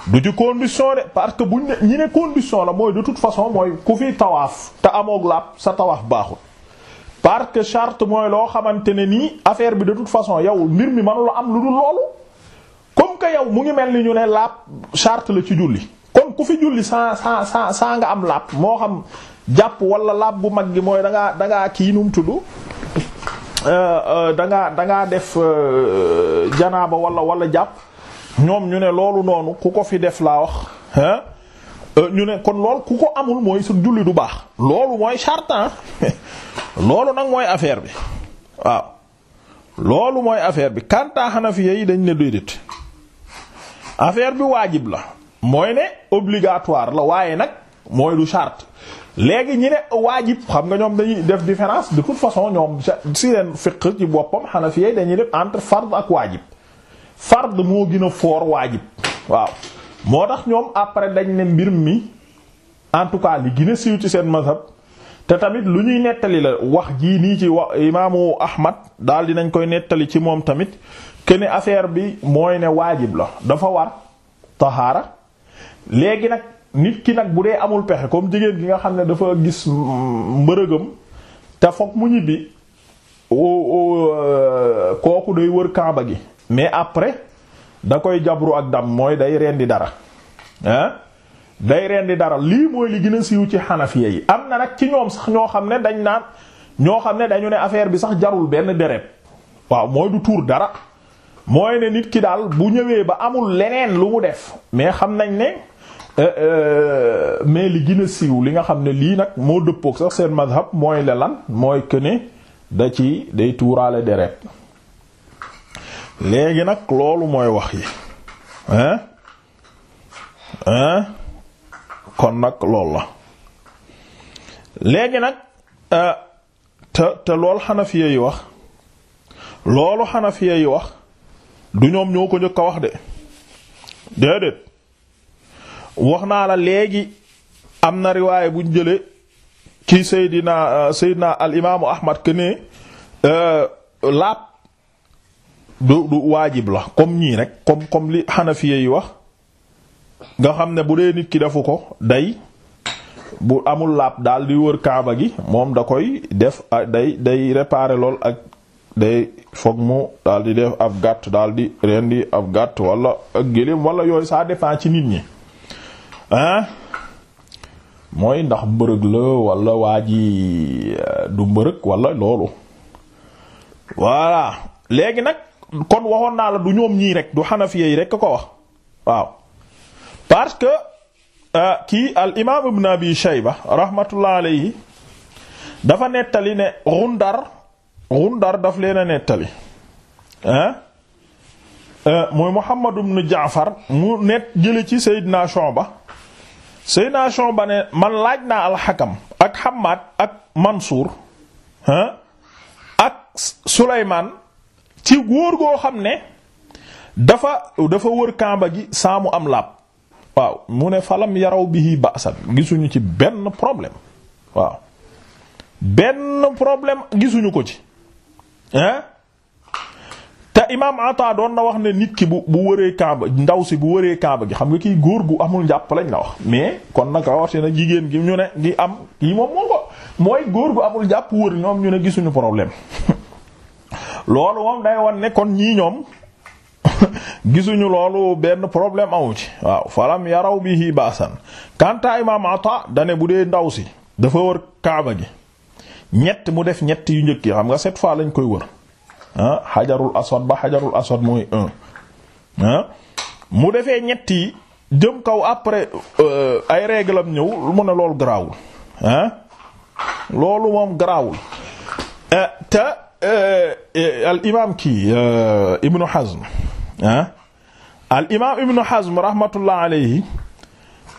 S1: du ci condition de parce que buñ ne ñi ne condition la mooy de toute façon mooy ku fi tawaaf te amoog laab sa tawaaf baaxul parce que charte mooy loo xamante ne nii affaire bi de toute façon yow mbir mi mënula am lu dul loolu comme que yow mu ngi mel ni ñu ne laab charte la ci julli kon ku fi julli sans sans sans sans nga am laab moo xam jàpp wala laab bu mag gi mooy danga ngaa kii num tudd euh, euh, da ngaa da ngaa def euh, janaaba wala wala jàpp ñoom ñu ne loolu noonu ku ko fi def laa wax hein ñu ne kon lool ku ko amul mooy su julli du baax loolu mooy charte (laughs) loolu nag mooy affaire bi waaw loolu mooy affaire bi kanta Hanafiya yi dañ ne déedéet affaire bi waajib la mooy ne obligatoire la waaye nag mooy du chart léegi ñi ne waajib xam nga ñoom dañuy def différence de toute façon ñoom si leen fiq ci boppam xanafiye dañuy def entre fard ak waajib fard moo gën a fort waajib waaw moo tax ñoom après dañ ne mbir mi en tout cas li gën a siiw ci seen mazhab te tamit lu ñuy nettali la wax jii nii ci wa imaamu Ahmad di nañ koy nettali ci moom tamit kene affaire bi mooy ne waajib la dafa war tahaara léegi nag nit ki nag bu dee amul pexe comme jigéen gi nga xam ne dafa gis mbërëgam te foog mu ñibbi euh, kooku day wër kaaba gi mais après da koy jabru ak dam mooy day rendi dara ah day rendi dara lii mooy li gën a siiw ci xanafiya yi am na nag ci ñoom sax ñoo xam ne dañ naan ñoo xam ne dañu ne affaire bi sax jarul benn deret waaw mooy du tuur dara mooy ne nit ki daal bu ñëwee ba amul leneen lu mu def mais xam nañ ne euh, euh, mais li gën a siiw li nga xam ne lii nag moo dëppook sax seen madhab mooy lelan mooy këne da ci day tuuraale deret léegi nag loolu mooy wax yi hein hein kon nag loolu la léegi nag euh, te te loolu xanafiya yi wax loolu xanafiya yu wax du ñoom ñoo ko njëkk a wax de déedéet wax naa la léegi am na riwaay buñ jële ci Seydina euh, Seydina al imaamu Ahmad que ne euh, laab du du waajib la comme ñii rek comme comme li xanafiye yi wax nga xam ne bu dee nit ki defu ko day bu amul laab daal di wër kaaba gi moom da koy def day day réparer lool ak day foog mu daal di def ab gàtt daal di rendi ab gàtt walla ak géléem wala yooyu ça dépend ci nit ñi hein mooy ndax mbërëg la wala waa euh, du mbërëg walla loolu voilà léegi nag kon waxoon naa la du ñoom ñii rek du xanafiya yi rek ko wax waaw parce que euh, kii al imaam ibn abi shayba rahmatullah alayhi dafa nettali ne Ghundar Gundar daf leen a nettali mooy euh, mooy Muhammad ibn jafar mu net jële ci Seydina Shuba Seydina ba ne man laaj naa alxakam ak Hammaad ak Mansuur ah ak Sulaymaan ci góor goo xam ne dafa dafa wër kamba gi saa mu am laab waaw mu ne falam yaraw bihi ba'san gisuñu ci benn problème waaw benn problème gisuñu ko ci te imaam Ata doon na wax ne nit ki bu bu wëree kaaba ndaw si bu wëree kaaba gi xam nga kii góor gu amul njàpp lañ la wax mais kon nag waxte na jigéen gi ñu ne gi am kii moom mooy góor gu amul njàpp wër ñoom ñu ne gisuñu problème (laughs) loolu moom day wan ne kon ñii ñoom (laughs) gisuñu loolu benn problème awu ci waaw falam yaraw bihi baasan kanta imaam Ata dane bu dee ndaw si dafa wër kaaba gi ñett mu def ñett yu njëkk yi xam nga cette fois lañ koy wër ah xajarul ba hajarul aswad mooy ah, mu defee ñett yi jëm kaw après euh, ay réglam ñëw mu ne loolu garaawul ah, loolu moom garaawul eh, te eh, al imaam kii euh, Ibn Hazm ah al imaam Ibn Hazm rahmatullah alayhi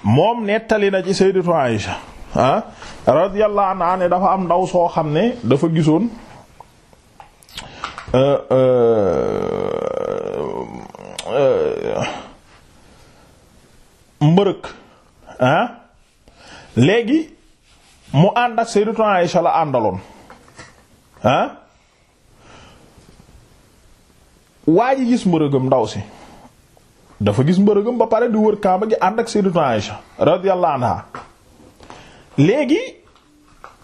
S1: moom nettali na ci sayyidatu Aïsha ah, radiyallahu anha ne dafa am ndaw soo xam ne dafa gisoon euh, euh, euh, mbërëg ah léegi mu ànd ak Sayyidatu Aisha la àndaloon waa ji gis mbërëgam ndaw si dafa gis mbërëgam ba pare di wër Kaaba gi ànd ak Sayyidatu Aisha radiyallahu anha léegi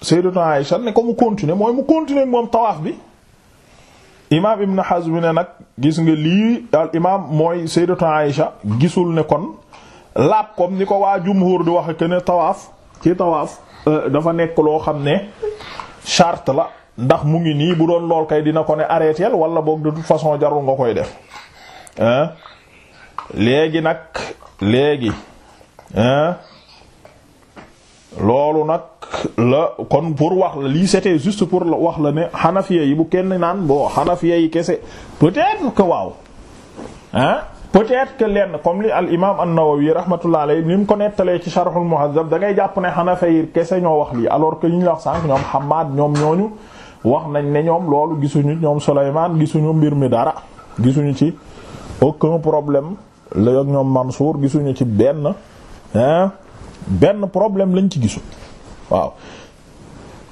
S1: Sayyidatu Aïsha ne ko mu continuer mooy mu continuer moom tawaaf bi imaam Ibn Hazm ne nag gis nga lii al imaam mooy Sayyidatu Aïsha gisul ne kon laab comme ni ko waa jumhur di wax que ne tawaaf ci tawaaf euh, dafa nekk loo xam ne charte la ndax mu ngi nii bu doon lool kay dina ko ne arrêté wala boog de toute façon jarul nga koy def léegi nag léegi loolu nag la kon pour wax la lii c'était juste pour wax la ne xanafiya yi bu kenn naan boo xanafiya yi kese peut-être que waaw ah peut-être que lenn comme li al imam an-Nawawi rahmatullah alayhi ni mu ko nettalee ci Sharhul Muhazzab da ngay jàpp ne xanafiya yi kese ñoo wax lii alors que ñu ñu wax sànq ñoom Hamad ñoom ñooñu wax nañ ne ñoom loolu gisuñu ñoom Souleymane gisuñu mbir mi dara gisuñu ci aucun problème la ak ñoom Mansour gisuñu ci benn benn problème lañ ci gisu waaw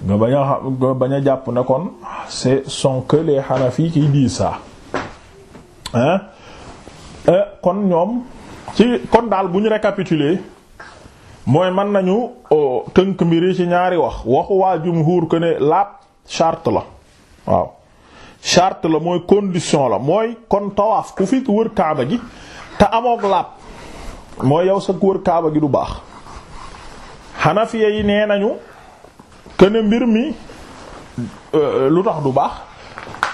S1: nga bañ a nga bañ jàpp ne kon c'est sont que les Hanafi qui disent ça hein euh, kon ñoom ci kon daal bu ñu récapituler mooy mën nañu euh, tënk mbiri ci ñaari wax waxu waa jumhuur que ne laab chart la waaw charte la mooy condition la mooy kon tawaaf ku fi wër kaaba gi te amoog laab mooy yow sa wër kaaba gi du baax xanafiya yi nee nañu këne mbir mi euh, lu tax du baax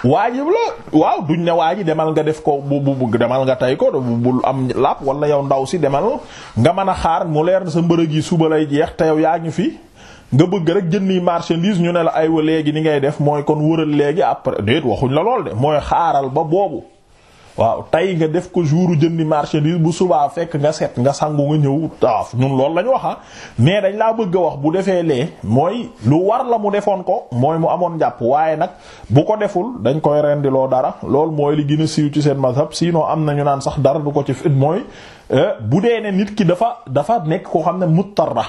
S1: waajib la waaw duñ ne waaji demal nga def ko bu bu demal nga tey ko bul am làpp wala yow ndaw si demal nga mën a xaar mu leer sa mbërëg yi suba lay jeex te yow yaa ñu fi nga bëgg rek jëndi marchandise ñu ne la aywa léegi ni ngay def mooy kon wëral léegi après déet waxuñ la lool de mooy xaaral ba boobu waaw tey nga def ko jouru jëndi marchandise bu subaa fekk nga set nga sangu nga ñëw taaf ñun loolu la ñu wax ah. mais dañ laa bëgg a wax bu defee lee mooy lu war la mu defoon ko mooy mu amoon jàpp waaye nag bu ko deful dañ koy rendiloo dara loolu mooy li gën a siiw ci seen mazhab sinon am na ñu naan sax dara du ko ci fit mooy euh, bu dee ne nit ki dafa dafa nekk koo xam ne muttarra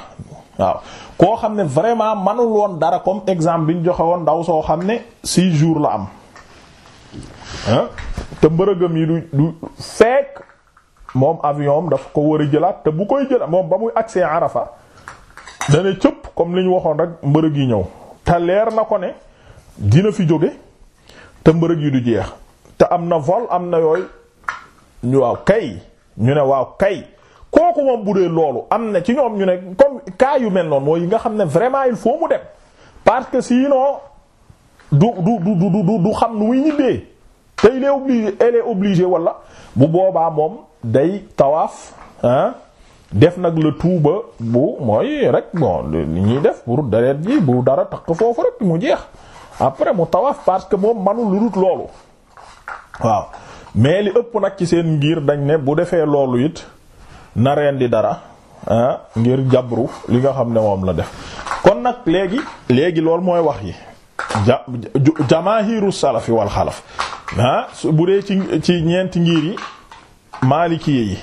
S1: waaw koo xam ne vraiment manul woon dara comme exemple bi ñu joxe woon ndaw soo xam ne six jours la am te mbërëgëm yi du du moom avion am dafa ko war a jëlaat te bu koy jëla moom ba muy accès rafa dana cëp comme li ñu waxoon rek mbërëg yi ñëw te leer na ko ne dina fi jóge te mbërëg yi du jeex te am na vol am na yooyu waaw kay ñu ne waaw kay kooku moom bu dee loolu am na ci ñoom ñu ne comme yu mel noonu mooy yi nga xam ne vraiment il faut mu dem parce que sinon du du du du du xam nu muy ñibbee te il est obligé elle est obligée bu boobaa moom day tawaaf def nag le tout ba bu mooy rek bon li ñuy def pour deret ji bu dara takk foofu rek mu jeex après mu tawaaf parce que moom manul lu dul loolu waaw mais li ëpp nag ci seen ngir dañ ne bu defee loolu it na reen di dara ah ngir jabru li nga xam ne moom la def kon nag léegi léegi loolu mooy wax yi ja jamaahiru salafi wal xalaf bu dee ci ñeenti ngir yi maalikiye yi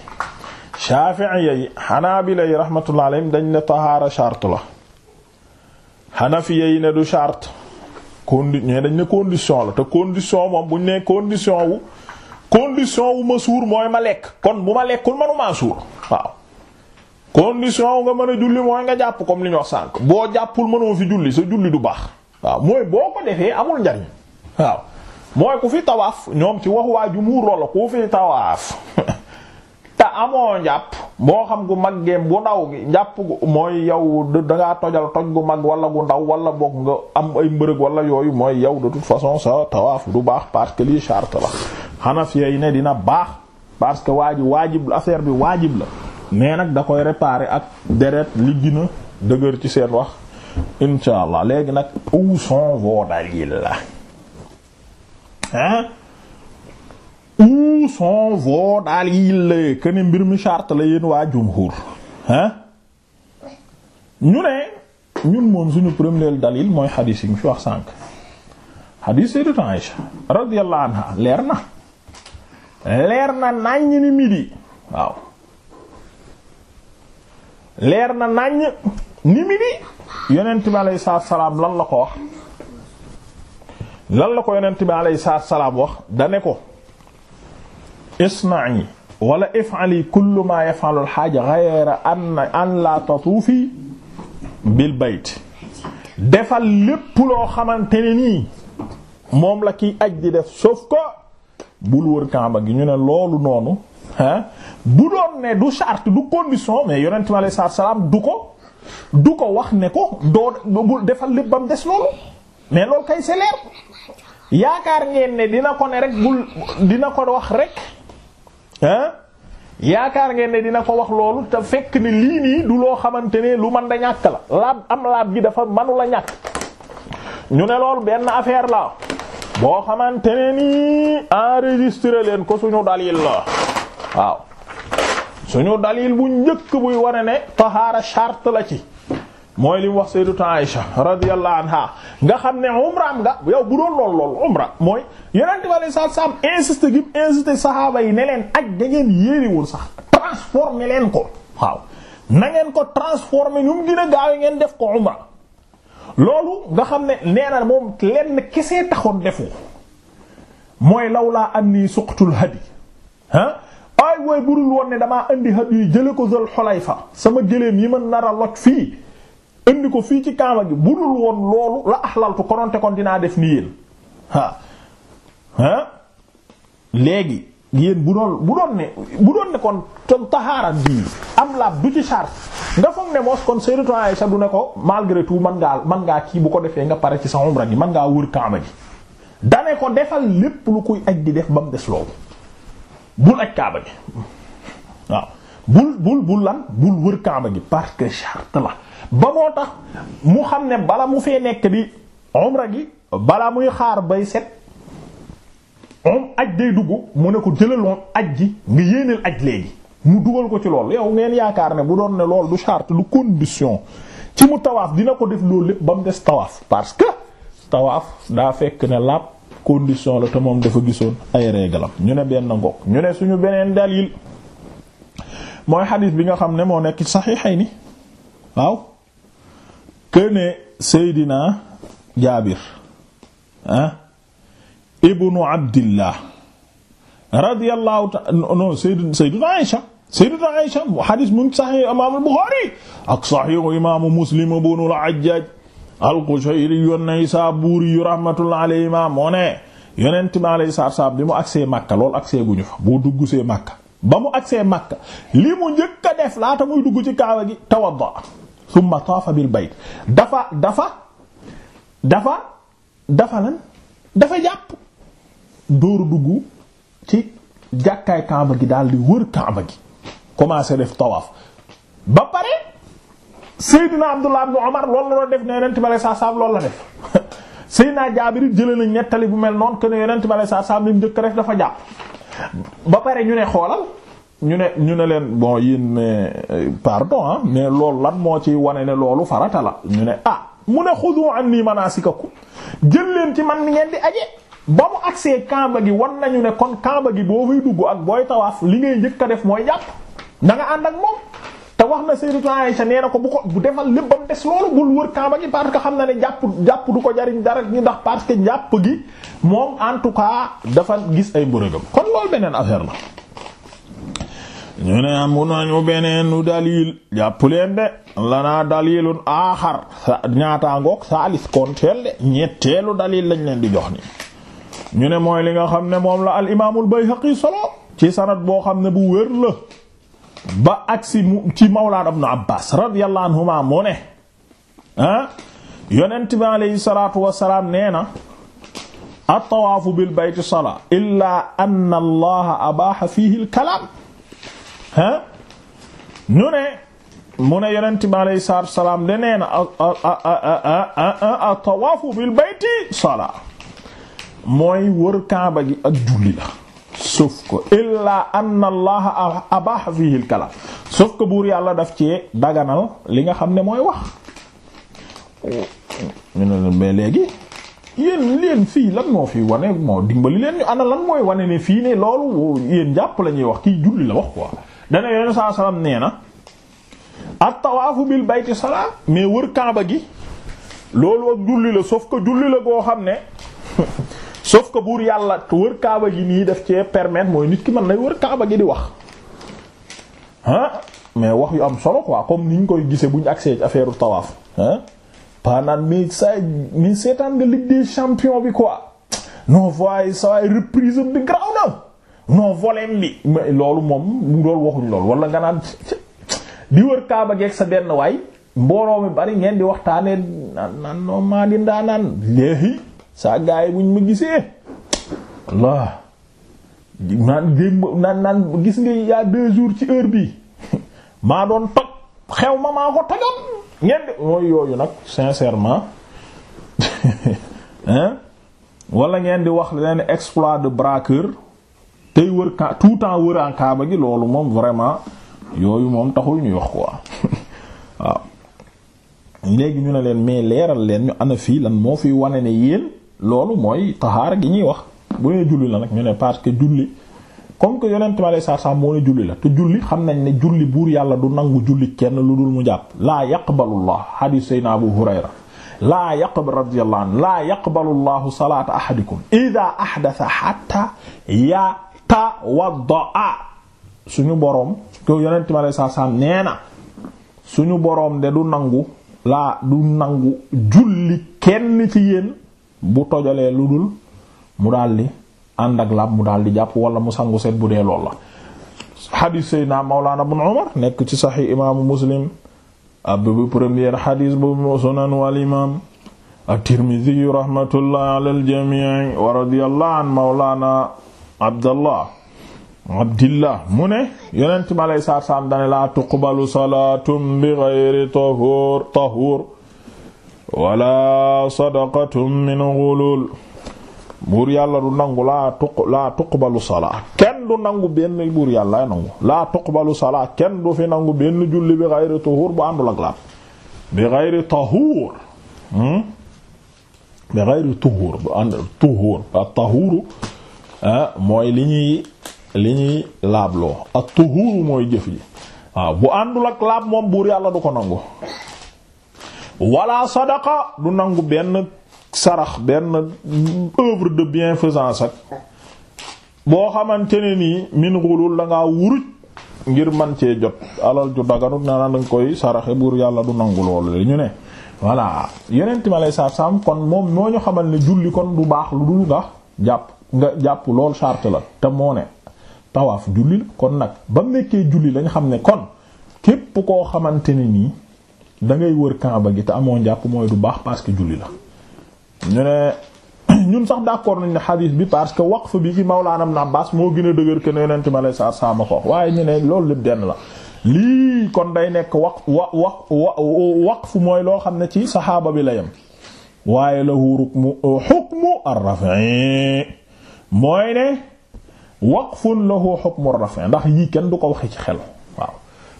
S1: shaafi'iyya yi xanaabila yi rahmatullah alayhim dañ ne tahaara charte la xanafiya yi ne du charte condi ñee dañ ne condition la te condition moom buñ ne condition wu condition wu ma suur mooy ma lekk kon bu ma lekkul manumaa suur waaw condition wu nga mën a julli mooy nga jàpp comme li ñu wax sànk boo jàppul mënoo fi julli sa julli du baax waaw mooy boo ko defee amul njariñ waaw mooy ku fi tawaaf ñoom ci wax waa jumuur loolu ku fi tawaaf (laughs) te amoo njàpp moo xam gu mag geem gu ndaw gi njàpp gu mooy yow dangaa tojal toj gu mag wala gu ndaw wala boog nga am ay mbërëg yooyu mooy yow de façon sa tawaaf du baax parce que lii charte la Hanafi yi ne dina baax parce que waa ji waajib affaire bi waajib la mais nag da koy réparer ak deret li gën dëgër ci seen wax incha allah léegi nag où sont vos dalil hein où sont vos dalil que mbir mi charte la yéen waa jumhur hein ñu ne ñun moom suñu premier dalil mooy xadiis yi mu fi wax sànq xadiis sayyidatu Aïsha radiyallahu anha leer na leer na nàññ ni midi waaw leer na nàññ ni midi yonent bi aleyhi salaatu salaam lan la ko wax lan la ko yonent bi aleyhi salaatu salaam wax dane ko isna'i wala if'ali kullu ma yaf'alu al-haaj ghayra an an la tatuufi bil bayt defal lépp loo xamante ne nii moom la kiy aj di def sauf ko bul wër Kaaba gi ñu ne loolu noonu ah bu doon ne du charte du condition mais yonent bi aleyhi salaatu salaam du ko du ko wax ne ko doo defal lépp ba mu des loolu mais loolu kay c'est yaakaar ngeen ne dina ko ne rek bul dina ko wax rekk ah yaakaar ngeen ne dina ko wax loolu te fekk ni lii nii du loo xamante ne lu man da ñàkk la laab am laab gi dafa manu la ñàkk ñu ne loolu benn affaire la boo xamante ne nii enregistré leen ko suñu dalil la waaw suñu dalil bu njëkk buy wane ne tahaara charte la ci mooy li mu wax Sayyidatu Aïsha radiyallahu anha nga xam ne umraam nga yow bu doon lool lool umra mooy yeneen bi alei satu salaam insisté gi insisté sahaaba yi ne ak da ngeen sax transformer leen ko waaw na ngeen ko transformer ñu mu gën a ngeen def ko umra loolu nga xam ne nee na moom lenn kesee taxoon defu mooy lawlaa annii suqtul hadi ha waay wooy burul woon ne damaa indi xat yuy jële ko Zul Xulayfa sama gëléem yi ma nara a fii indi ko fii ci kaama gi burul woon loolu la axlaltu kononte kon dinaa def ni yéen ah ah léegi yéen bu doon bu doon ne bu doon ne kon kon taxaara bii am laab du ci charte nga foog ne moos kon Sayyidatu Aisha du ne ko malgré tout man ngaa man ngaa kii bu ko defee nga pare ci sa umra gi man ngaa wër kaama gi dane ko defal lépp lu koy aj di def ba mu des loolu bul aj kaaba gi waaw bul bul bul lan bul wër kaaba gi parce que charte la ba moo tax mu xam ne bala mu fee nekk di umra gi bala muy xaar bay set om aj day dugg mu ne ko jëlaloon aj ji nga yéeneel aj léegi mu dugal ko ci lool yow ngeen yaakaar ne bu doon ne lool du charte lu condition ci mu tawaaf dina ko def loolu lépp ba mu des tawaaf parce que tawaaf daa fekk ne làpp condition la te moom dafa gisoon ay réglam ñu ne benn ngoog ñu ne suñu beneen dalil mooy xadis bi nga xam ne moo nekk saxiixay ni waaw këne seydina jaabir ah ibnu abdillah radiyallahu ta'ala non sayyidina sayyidina Aisha sayyidina Aisha xadis mu ngi saxiix imaamul Buxaari ak saxiix imaamu Muslim ibnul Hajjaaj al-Qushayri yoon nay saa buuri yu rahmatullah alayhima moo ne yonent bi alayhi salaatu salaam bi mu agsee Makka loolu agsee guñu fa boo dugg see Makka ba mu agsee Makka li mu njëkk a def laata muy dugg ci Kaaba gi tawadda thumma taafa bil bayt dafa dafa dafa dafa lan dafa jàpp dóoru dugg ci jàkkaay Kaaba gi daal di wër Kaaba gi commencé def tawaaf ba pare Seydina Abdullah ibn Omar loolu la doon def ne yonent bi alayhi salaam loolu la def Seydina Jaabir jëlee na ñettali bu mel noonu que ne yonent bi alayhi salaam li mu dafa jàpp. ba pare ñu ne xoolal ñu ne ñu ne leen bon yéen mais ah, mais loolu lan moo ci wane ne loolu farata la ñu ne ah mu ne xudu anni manasikakum jël leen ci man ni ngeen di aje ba mu agsee kamba gi wan nañu ne kon kamba gi boo fay dugg ak booy tawaaf li ngay njëkk a def mooy jàpp na nga ànd ak moom. te wax na Sayyidatu Aisha nee na ko bu ko bu defal lépp ba mu des loolu bul wër Kaaba gi parce que xam na ne jàpp jàpp ko jariñ dara ñu ndax parce que jàpp gi moom en tout cas dafa gis ay mbërëgam kon loolu beneen affaire la. ñu ne amu nañu beneenu dalil jàpp leen de lanaa dalilun aaxar sa ñaataangoog saalis konteel de ñetteelu dalil lañ leen di jox ni ñu ne mooy li nga xam ne moom la al imaamul Bayhaqi solo ci sanad boo xam ne bu wér la. ba agsi mu ci mawlaana ibnu Abbaas radiyallahu anhuma mu ne ah yonent bi alayhi salaatu wassalaam nee na at-tawaafu bil bayti salaa illaa anna allaha abaaha fiihi al-kalaam ah ñu ne mu ne yonent bi alayhi salaatu wassalaam de nee na at-tawaafu bil bayti salaa mooy wër kaaba gi ak julli la sauf ko illaa anna allaha abaha fihi kalam sauf ko buur yàlla daf ci daganal li nga xam ne mooy wax ñu ne leen léegi yéen leen fii lan moo fi wane moo dimbali leen ñu ana lan mooy wane ne fii ne loolu yéen jàpp la ñuy wax kii julli la wax quoi dana yoneen saa salaam nee na at tawaafu bil bayti salaa mais wër kaaba gi loolu ak julli la sauf que julli la goo xam ne (laughs) sauf que buur yàlla wër kaaba gi nii def cee permettre mooy nit ki man na wër kaaba gi di wax ah mais wax yu am solo quoi comme ni ñu koy gisee bu ñu accès ci affaire tawaaf ah paanaan mais sa mais seetaan nga Ligue des champions bi quoi non voie sawaay reprise bi graw na non volem bi loolu moom loolu waxuñ lool wala nga naan di wër kaaba geeg sa benn waay mbooloo mi bari ngeen di waxtaanee naan naan maa di ndaanaan léegi saa gaay ñu ma gisee Allah naan démb naan naan gis nga yaa deux jours ci heure bi (laughs) maa doon toj xew ma maa ko tojoon ngeen de mooy yooyu nag sincèrement (laughs) hein wala ngeen di wax leen exploit de braqueur tey wër ka tout temps wër en kaaba gi loolu moom vraiment yooyu moom taxul ñuy wax quoi (laughs) waaw léegi ñu ne leen mais leeral leen ñu ana fii lan moo fi wane ne yéen loolu mooy taxaara gi ñuy wax bu nee julli la nag ñu ne parce que julli comme que yonent ma lay saa saa ne julli la te julli xam nañ ne julli buur yàlla du nangu julli kenn lu dul mu jàpp laa yaqbalullah hadis sayna Abu Hurayra laa yaqb radiyallahu anhu laa yaqbalullahu salaata ahadikum ida ahdatha hatta yatawaddaa suñu boroom ko yonent ma lay saa saa nee na suñu boroom de du nangu laa du nangu julli kenn ci yéen bu tojalee lu dul mu daldi ànd ak laab mu daldi jàpp wala mu sangu set bu dee lool la xadiis Seydina Mawlana Ibn Umar nekk ci saxi imaamu Muslim ab premier xadiis bu sunan wal imaam at rahmatullah ala al-jamii wa mu ne yonent mi alayhi salaatu wa laa tuqbalu salaatun bi ghayri tahuur wala sadaqatun min ghulul buur yàlla du nangu laa tuq laa tuqbalu salaa kenn du nangu benn buur yàlla nangu laa tuqbalu salaa kenn du fi nangu benn julli bi ghayri tahuur bu àndul ak laab bi ghayri tahuur hmm? bi ghayri tahuur bu ànd tahuur ak tahuuru eh, mooy li ñuy li ñuy laabloo ak mooy jëf ji waaw bu àndul ak laab moom buur yàlla du ko nangu wala sadaqa du nangu benn sarax benn œuvre de bien bienfaisance ak boo xamante ne nii min xulul da wuruj ngir man cee jot alal ju daganut na naan danga koy saraxe buur yàlla du nangu loolu la ne voilà yenent ma lay saab saam kon moom moo ñu xamal ne julli kon du baax lu dul nga jàpp nga jàpp lool charte la te moo ne tawaaf julli la kon nag ba mu nekkee julli lañ xam ne kon képp koo xamante ne nii da ngay wër Kaaba gi te amoo njàpp mooy du baax parce que julli la ñu ne (clears throat) ñun sax d'accord nañ ne xadiis bi parce que wax bi ci mawlaanam na Abbaas moo gën a dëgër que ne yonent ma lay saa saama ma ko waaye ñu ne loolu lépp denn la lii kon day nekk wax wa wa waqf mooy loo xam ne ci saxaaba bi la yem waaye lahu rukmu hukmu ar mooy ne waqfun lahu hukmu ar-raf'i ndax yii kenn du ko waxee ci xel.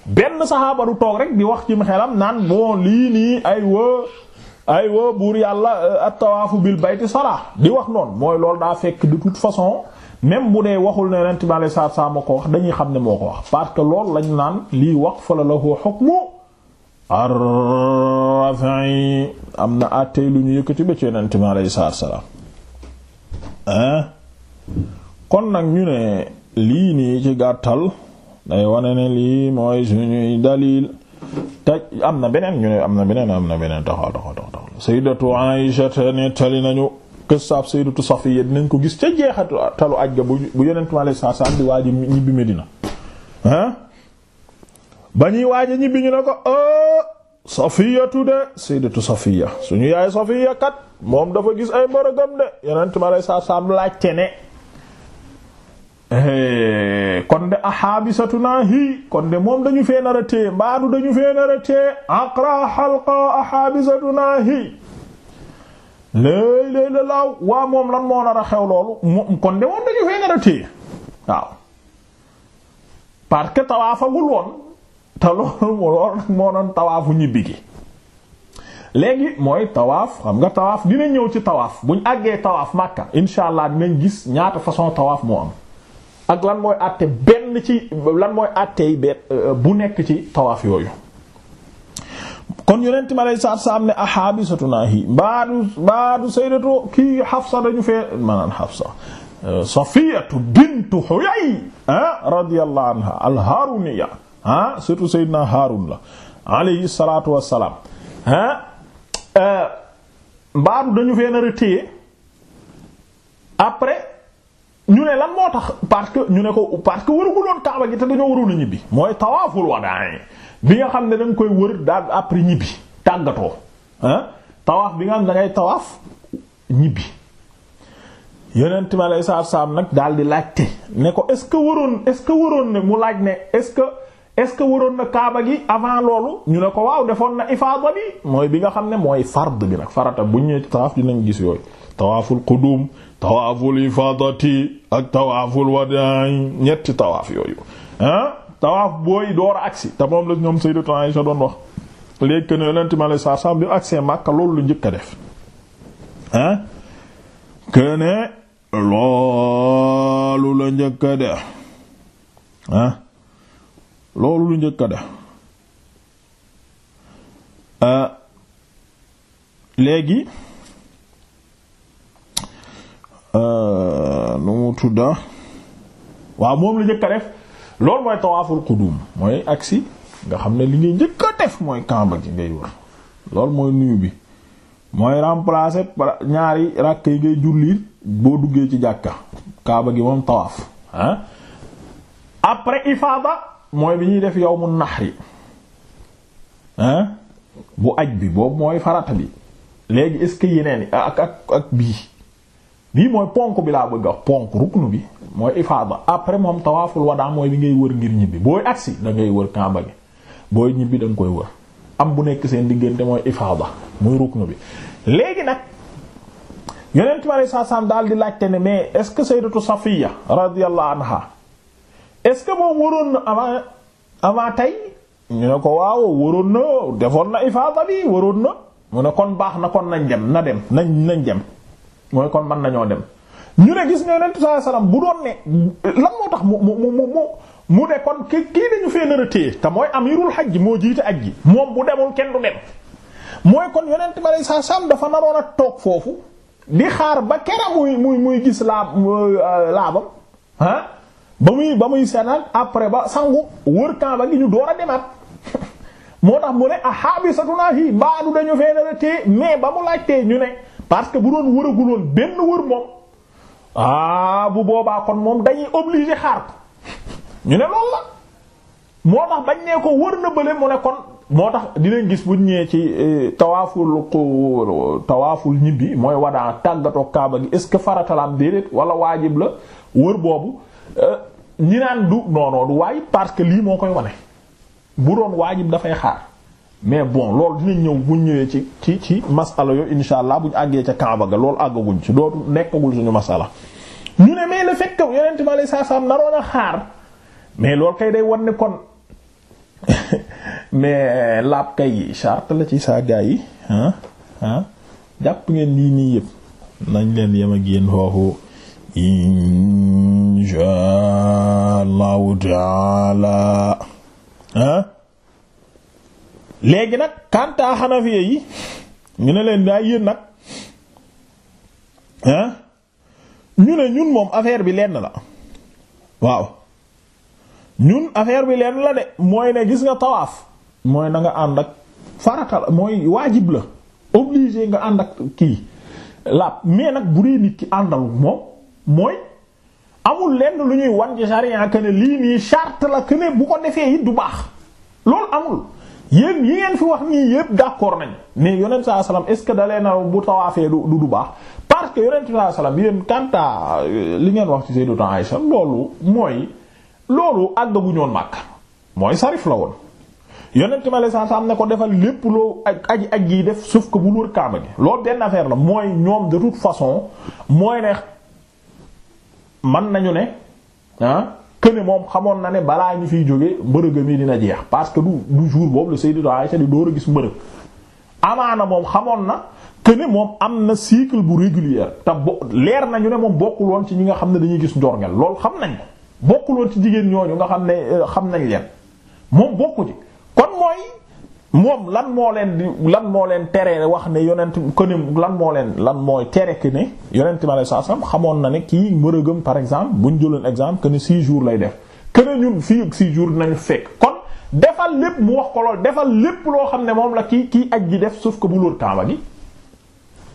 S1: benn saxaaba du toog rek di wax ci xelam naan bon lii nii ay wo wo buur yàlla euh, attawaafu bil bayti sala di wax noonu mooy loolu daa fekk de toute façon même bu dee waxul ne ren tamit saa ma ko wax dañuy xam ne moo ko wax parce naan lii wax fa la la am na àtte lu ñu yëkkati ci ren tamit saa kon nag ñu ne lii nii ci gàttal. day wane na lii mooy suñuy dalil te am na beneen ñu ne am na beneen am na beneen taxaw taxaw taxaw sayyidatu Aisha nettali nañu qissab sayyidatu Safiya dinañ ko gis ca jeexatalu aj ga bu yonent mi alayhi salaam di waaj ñibbi Medina ah ba ñuy waaj ñibbi ñu ne ko oh, Safiyatu de sayyidatu Safiya suñu yaay Safiya kat moom dafa gis ay mborogam de yonent mi alayhi laajte ne Eh, kon de ahaabisatuna hi kon de moom dañu fee nara a téye mbaadu dañu fee nar a téye aqra halqa ahaabisatuna hi léeg léeg la laaw waa moom lan moo nar a xew loolu moom kon de moom dañu fee nar téye waaw parce que tawaafagul woon te loolu loolu nag moo doon tawaafu ñibbi gi léegi mooy tawaaf xam nga tawaaf dina ñëw ci tawaaf buñ àggee tawaaf Makka insha allah dinañ gis ñaata façon tawaaf moo am. ak lan mooy àtte benn ci lan mooy àtte euh, bu nekk ci tawaaf yooyu kon yonent mi alayhi salaatu salaam ne ahaabisatuna hi baadu baadu sayyidatu kii Hafsa dañu fee maanaam Hafsa euh, Safiyatu bintu Huyay ah radiyallahu anha al-Haaruniya ah, surtout Seydina Haarun la alayhi salaatu wassalaam ah euh, baadu dañu fee nar a ñu ne lan moo tax parce que ñu ne ko parce que wëraguloon kaaba gi te dañoo waroon a ñibbi mooy tawaaful wadaa bi nga xam ne da koy wër daal après ñibbi tàggatoo ah tawaaf bi nga xam da ngay tawaaf ñibbi yonent mi alayhi salaatu salaam nag daal di laajte ne ko est-ce que waroon est-ce que waroon ne mu laaj ne est-ce que est-ce que waroon na kaaba gi avant loolu ñu ne ko waaw defoon na ifaada bi mooy bi nga xam ne mooy fard bi nag farata bu ñu ñëwee ci tawaaf dinañ gis yooyu tawaaful qudum tawaaful ifadati ak tawaaful wadaa ñetti tawaaf yooyu ah tawaaf booy door a agsi te moom la ñoom Sayyidatu Aisha doon wax léegi que bi agsee Makka loolu lu njëkk ah, def ah loolu la njëkk lu njëkk def ah, léegi. Euh, nu mu tudda ah? waaw moom la njëkk a def loolu mooy tawaaful qudum mooy agsi nga xam ne li ngay njëkk def mooy kamba gi ngay wër loolu mooy nuyu bi mooy remplacer ñaari ràkk yi ngay boo duggee ci jàkka kaaba gi moom tawaaf ah mooy bi ñuy def yow yawmu naxri ah bu aj bi boobu mooy farata bi léegi est yeneen ak ak ak bii lii mooy ponk bi laa bëgg a ponk ruknu bi mooy ifaada après moom tawaaful wadaa mooy bi ngay wër ngir ñibbi booy agsi da ngay wër kamba gi booy ñibbi da koy wër am bu nekk seen diggante mooy ifaada muy ruknu bi léegi nag yonent bi alayhi salaam daal di laajte ne mais est ce que sayyidatu Safiya radiyallahu anha est ce que moom waroon na avant avant tey ñu ne ko waaw waroon na defoon na ifaada bi waroon na mu ne kon baax na kon nañ dem na dem nañ dem mooy kon mën nañoo dem ñu ne gis nga yonent sa alayhi wasallam bu doon ne lan moo tax mu mu mu mu mu ne kon kii kii dañu fee nar a téye te mooy amirul moo jiite aj ji moom bu demul kenn du dem mooy kon yonent sallallahu alayhi wasallam dafa naroon a toog foofu di xaar ba kera muy muy gis laab euh, laabam ah ba muy ba muy seetaan après ba sangu wër kan ba gi ñu door a demaat (laughs) moo tax mu a xaabisatunaa yi baadu dañu fee nar a mais ba mu laajtee ñu ne parce que bu doon wëraguloon benn wër moom ah bu boobaa kon moom dañuy obligé xaar ko ñu ne loolu la moo tax bañ nee ko wër na bële mu ne kon moo tax dinañ gis bu ñëwee ci euh, tawaaful ko tawaaful ñibbi mooy wadaa tàggatoo kaaba gi est-ce que faratalaam déedéet wala waajib la wër boobu euh, ñi du non non parce que lii moo koy wane bu doon waajib dafay xaar. mais bon loolu dinañ ñëw buñ ñëwee ci ci ci masala yo insha allah buñ àggee ca Kaaba ga loolu àggaguñ ci dootu nekkagul suñu masala ñu ne mais le fait que yonent bi alayhi salaam naroon a xaar mais loolu kay day wan ne kon (laughs) mais laab kay charte la ci saa gaa yi jàpp ngeen lii nii yëpp nañ leen yem ak yéen foofu insha allahu taala léegi nag kanta xanafiya yi ñu ne leen daay yéen nag ah ñu ne ñun moom affaire bi lenn la waaw ñun affaire bi lenn la de mooy ne gis nga tawaaf mooy na nga ànd ak farata la mooy waajib la obligé nga ànd ak kii laab mais nag bu dee nit ki àndal moom mooy amul lenn lu ñuy wan ci sharia que ne lii nii charte la que bu ko defee it du baax loolu amul yéen yi ngeen fi wax nii yépp d'accord nañ mais yonent saa salaam est-ce que dalee na bu tawaafee du du baax parce que yonent saa salaam yéen quant à euh, li ngeen wax ci Sayyidatu Aïcha loolu mooy loolu àggaguñu woon Makka mooy sarif la woon. yonent ma saa am na ko defal lépp loo ak aji ak yi def sauf ko bu wër Kaaba gi loolu benn affaire la mooy ñoom de toute façon mooy ne mën nañu ne ah, këne moom xamoon na ne balaa ñu fiy jóge mbërëgam mii dina jeex parce que du du jour boobu la Sayyidatu Aisha di door a gis mbërëg amaana moom xamoon na këne moom am na cycle bu régulier te bo leer nañu ne moom bokkul woon ci ñi nga xam ne dañuy gis njorngel loolu xam nañ ko bokkul woon ci jigéen ñooñu nga xam ne euh, xam nañ leen moom bokku ci kon mooy moom lan moo leen lan moo leen tere wax ne yonent ko ne lan moo leen lan mooy tere que ne yonent mi saa salaam xamoon na ne kii mërëgëm par exemple bu ñu jëloon exemple que ne six jours lay def que ne ñun fii ak six jours dinañu fekk kon defal lépp mu wax ko lool defal lépp loo xam ne moom la kii kii aj gi def sauf que bu loolu Kaaba gi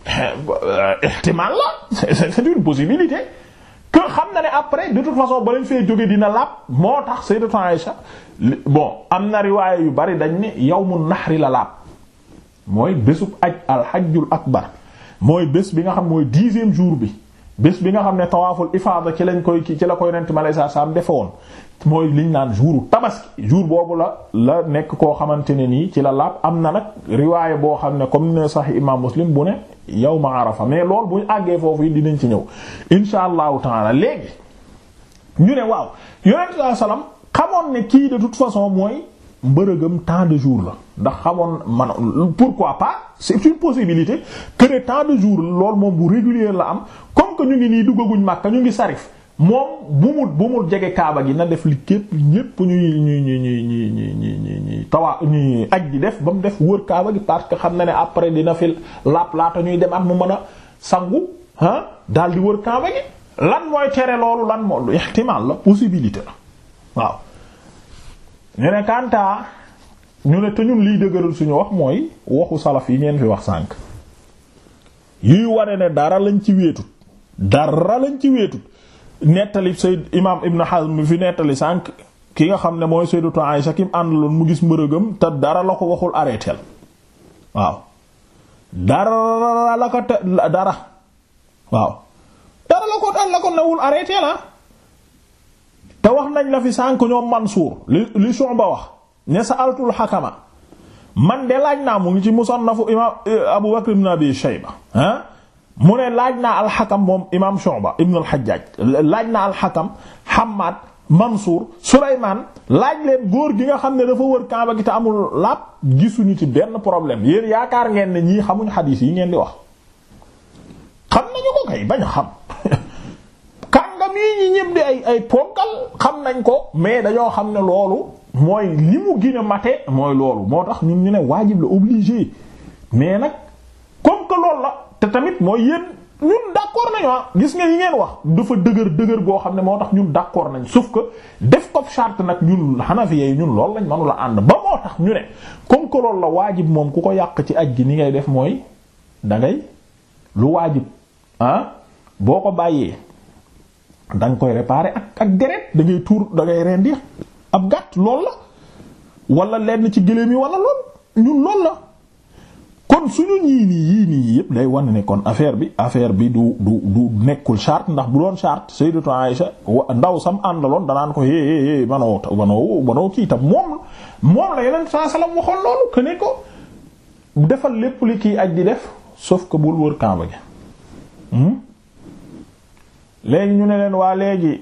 S1: eh, ihtimal la c'est une possibilité que xam na ne après de toute façon ba lañ fee jóge dina lapp moo tax Sayyidatu Aïcha bon am na riwaaya yu bari dañ ne yawmu naxri la laab mooy bésub aj alxajjul akbar mooy bés bi nga xam mooy dixième jour bi bés bi nga xam ne tawaaful ifaada ci lañ koy ci la koy yonent mi alayhi salaam defe woon mooy liñ naan jouru tabaski jour boobu la la nekk koo xamante ne nii ci la laab am na nag riwaaya boo xam ne comme ne sax imaam muslim bu ne yawma arafa mais lool buñ àggee foofu yi dinañ ci ñëw insha allahu taala léegi ñu ne waaw yonent salaam xamoon ne kii de toute façon mooy mbërëgam tant de jour la ndax xamoon man pourquoi pas c'est une possibilité que temps tant jour jours lool moom bu régulier la am comme que ñu ngi nii duggaguñ Makka ñu ngi sarif moom bu mu bu mu jege kaaba gi na def li képp ñépp ñuy ñuy ñuy ñuy ñuy ñuy ñuy ñuy ñuy tawaa ñuy aj di def ba mu def wër kaaba gi parce que xam na ne après dina fi laap laata ñuy dem ak mu mën a sangu ah daal di wër kaaba gi lan mooy tere loolu lan moo lu possibilité waaw ñu ne Kantaa ñu ne te liy dëgëral suñu wax mooy waxu salaf yi ngeen fi wax sànq yuy ware ne dara lañ ci wéetut dara lañ ci wéetut nettali Sayyid imaam Ibn Hazm mi fi nettali sànq ki nga xam ne mooy Sayyidatu Aisha ki mu àndaloon mu gis mbërëgam te dara la ko waxul arrêté waaw dara la ko te dara waaw dara la ko la ko newul arrêté te wax nañ na fi sànk ñoom Mansuur li li Shu'ba wax ne sa'altul hakama man de laaj naa mu ngi ci musannafu imaam eh, Abu Bakr ibn Abi Shayba ah mu ne laaj naa alxakam moom imaam Shu'ba ibn al-Hajjaj laaj naa alxakam Hammad Mansuur Sulaymaan laaj leen góor gi nga xam ne dafa wër Kaaba gi te amul laab gisuñu ci benn problème yéen yaakaar ngeen ne ñii xamuñ xadiis yi ngeen di wax xam nañu ko kay bañ xam. moom yi ñi ñëpp ay ay ponkal xam nañ ko mais dañoo xam ne loolu mooy li mu gën mate mooy loolu moo tax ñun ñu ne waajib la obligé mais nag comme que la te tamit mooy yéen ñun d'accord nañu ah gis nga yi ngeen wax dafa dëgër dëgër goo xam ne moo tax ñun d'accord nañ sauf que def ko charte nag ñun Hanafiya yi ñun loolu lañ manula ànd ba moo tax ñu ne comme que loolu la waajib moom ku ko yàq ci aj gi ni ngay def mooy dangay lu waajib ah boo ko bàyyee da nga koy réparer ak ak deret da tuur da ngay rendi ab gàtt lool la wala lenn ci gëléem yi wala lool ñun lool la kon suñu ñii nii yii nii yëpp day wan ne kon affaire bi affaire bi du du nekkul charte ndax bu doon charte Sayyidatu Aïsha ndaw sam àndaloon danaan ko é manoo manoo manoo kii tam moom moom la yeneen saa waxoon loolu que ne ko defal lépp li kii aj di def sauf ko bul wër Kaaba gi hmm? léegi ñu ne leen waa léegi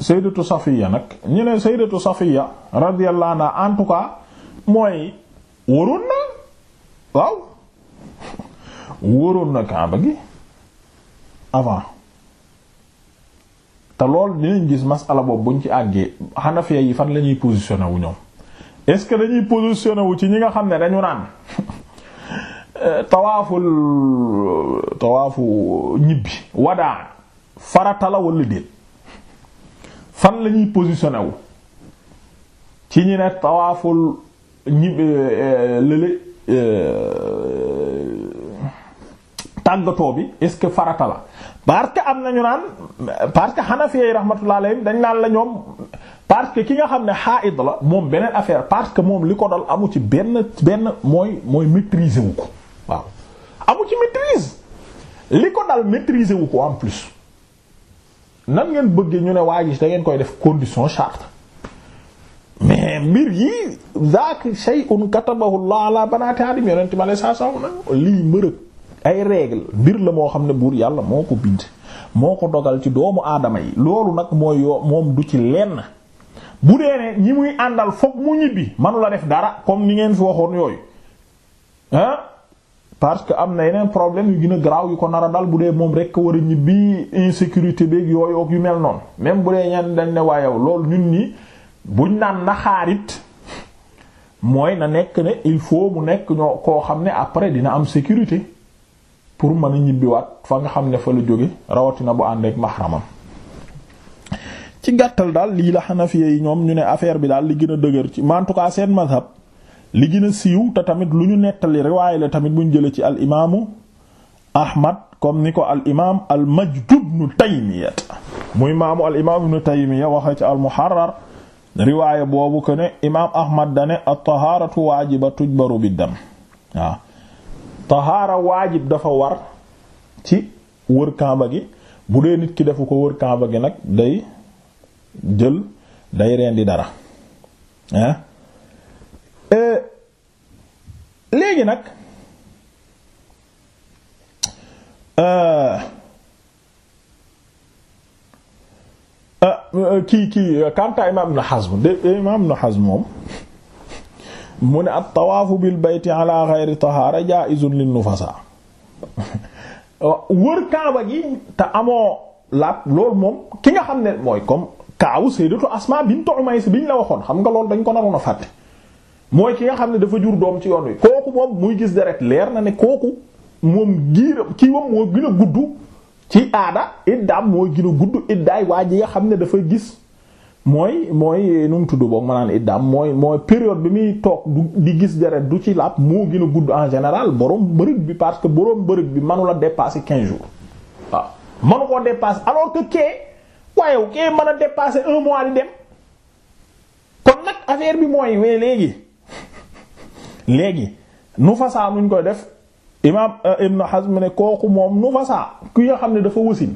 S1: sayyidatu Safiya nag ñu ne sayyidatu Safiya radiyallahu anha en tout cas mooy waroon na waaw waroon na Kaaba gi avant te lool dinañ gis masala boobu buñ ci àggee Hanafiya yi fan la ñuy positionné wu ñoom ce que dañuy positionné wu ci ñi nga xam ne dañu naan (laughs) tawaaful tawaafu ñibbi wadaa farata la wala déet fan la ñuy positionné wu ci ñi ne tawaaful ñi euh, euh, lële euh, tàggatoo bi est-ce que farata la parce que am nañu naan parce que Hanafi yi rahmatullah alayhim dañ naan la ñoom parce que ki nga xam ne haid la moom beneen affaire parce que moom li ko dal amu ci benn benn mooy mooy maîtriser wu ko waaw amu ci maîtrise li ko dal maîtriser wu ko en plus nan ngeen bëggee ñu ne waa gis da ngeen koy def condition charte mais mbir yi zaak shay'un katabahu Allah ala banaati aadam yonent ma lay saa saw na ah, lii mbërëg ay règle mbir la moo xam ne buur yàlla moo ko bind moo ko dogal ci doomu aadama yi loolu nag mooy yoo moom du ci lenn bu dee ne ñi muy àndal foog mu ñibbi manu la def dara comme ni ngeen fi waxoon yooyu ah, parce que am na yeneen problème yu gën a garaaw yu ko nara a dal bu dee moom rek war a ñibbi insécurité beeg yooyu ak yu mel noonu même bu dee ñan dañ ne waa yow loolu ñun ñi buñ naan na xaarit mooy na nekk ne il faut mu nekk ñoo koo xam ne après dina am sécurité pour mën a ñibbiwaat fa nga xam ne fa la jóge rawatina bu ànd ak maxaramam ci gàttal daal lii la Hanafiya yi ñoom ñu ne affaire bi daal li gën a dëgër ci en tout cas seen mazhab li gën a siiw te tamit lu ñu nettali riwaay la tamit bu ñu jëlee ci al imaamu Ahmad comme ni ko al imaam al Majd ibn muy maamu al imaam ibn Taymiyya waxee ci al Muharrar riwaay boobu que ne imaam Ahmad dane at-tahaaratu waajiba tujbaru bid-dam waaw waajib dafa war ci wër kamba gi bu dee nit ki defu ko wër kamba gi nag day jël day di dara Euh, léegi nag euh, euh, kii kii kanta imaam na Hazm de imaam Ibn Hazm moom mu ne at-tawaafu bil bayti ala ghayri tahaara jaa'izun lin-nufasaa (laughs) wër kaaba gi te amoo laab loolu moom ki nga xam ne mooy comme kaawu sayyidatu Asmaa bint si biñ la waxoon xam nga loolu dañ ko naroon a fàtte mooy ki nga xam ne dafa jur doom ci yoon wi kooku moom muy gis deret leer na ne kooku moom giira kii gudd ci aada iddaam mooy gën a gudd iddaay waa ji nga xam ne dafa gis mooy mooy nu mu tudd boog ma naan iddaam mooy mooy période bi muy toog di gis deret du ci laab moo gën a gudd en général borom bërëg bi parce que borom bërëg bi manu la dépasser quinze jours waaw manu koo dépasser alors que kee waaye kee mën a dépasser un mois di dem kon nag affaire bi mooy wee léegi léegi nu fasaa nuñ koy def imaam euh, Ibn Hazm ne kooku moom nu fasaa ki nga xam ne dafa wasin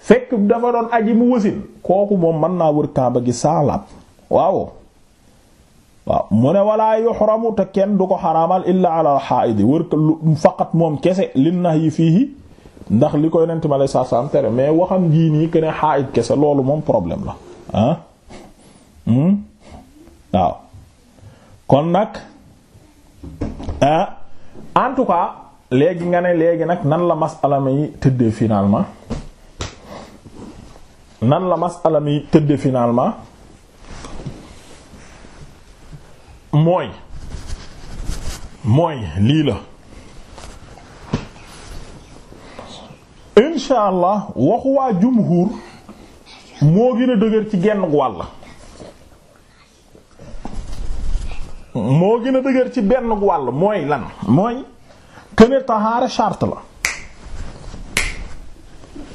S1: fekk dafa doon aji mu wasin kooku moom mën naa wër Kaaba gi saalaab waaw waaw mu ne walaa yuxramu te kenn du ko xaraamal illaa ala xaaidi wër faqat moom kese lin nax yi fii ndax li koy nent ma lay saa saa tere mais waxam jii nii que ne xaaid kese loolu moom problème la ah hmm? waaw kon nag ah en tout cas léegi nga ne léegi nag nan la masala tëdde tëddee finalement nan la masala tëdde tëddee finalement mooy mooy lii la insha allah waxu waa jumhur moo gën a dëgër ci genn wàll moo gën a dëgër ci benn wàll mooy lan mooy këne tahaara charte la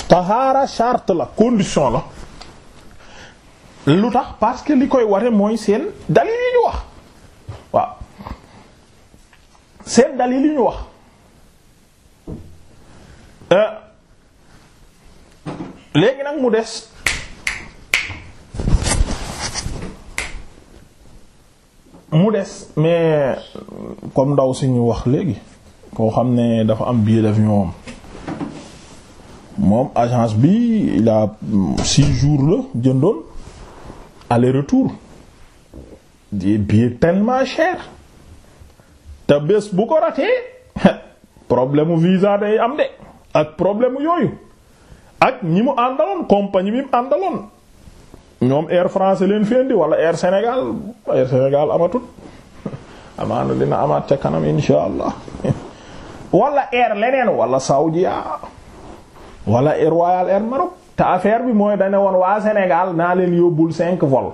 S1: tahaara charte la condition la lu tax parce que li koy ware mooy seen dalil yi ñu wax waaw seen dalil yi ñu wax euh, léegi nag mu des mu des mais euh, comme ndaw si ñu wax léegi koo xam ne dafa am billet d'avion moom agence bi il a mm, six jours la jëndoon aller-retour des billets tellement cher te bés bu ko raté (laughs) problème visa day am de ak problème yooyu ak ñi mu àndaloon compagnie bi mu àndaloon ñoom Air France leen fendi wala Air Sénégal Air Sénégal amatul (laughs) amaana dina amaat ca kanam insha allah (laughs) wala Air leneen wala Saudia wala Air Royal Air Maroc te affaire bi mooy dane woon waa Sénégal naa leen yóbbul cinq vol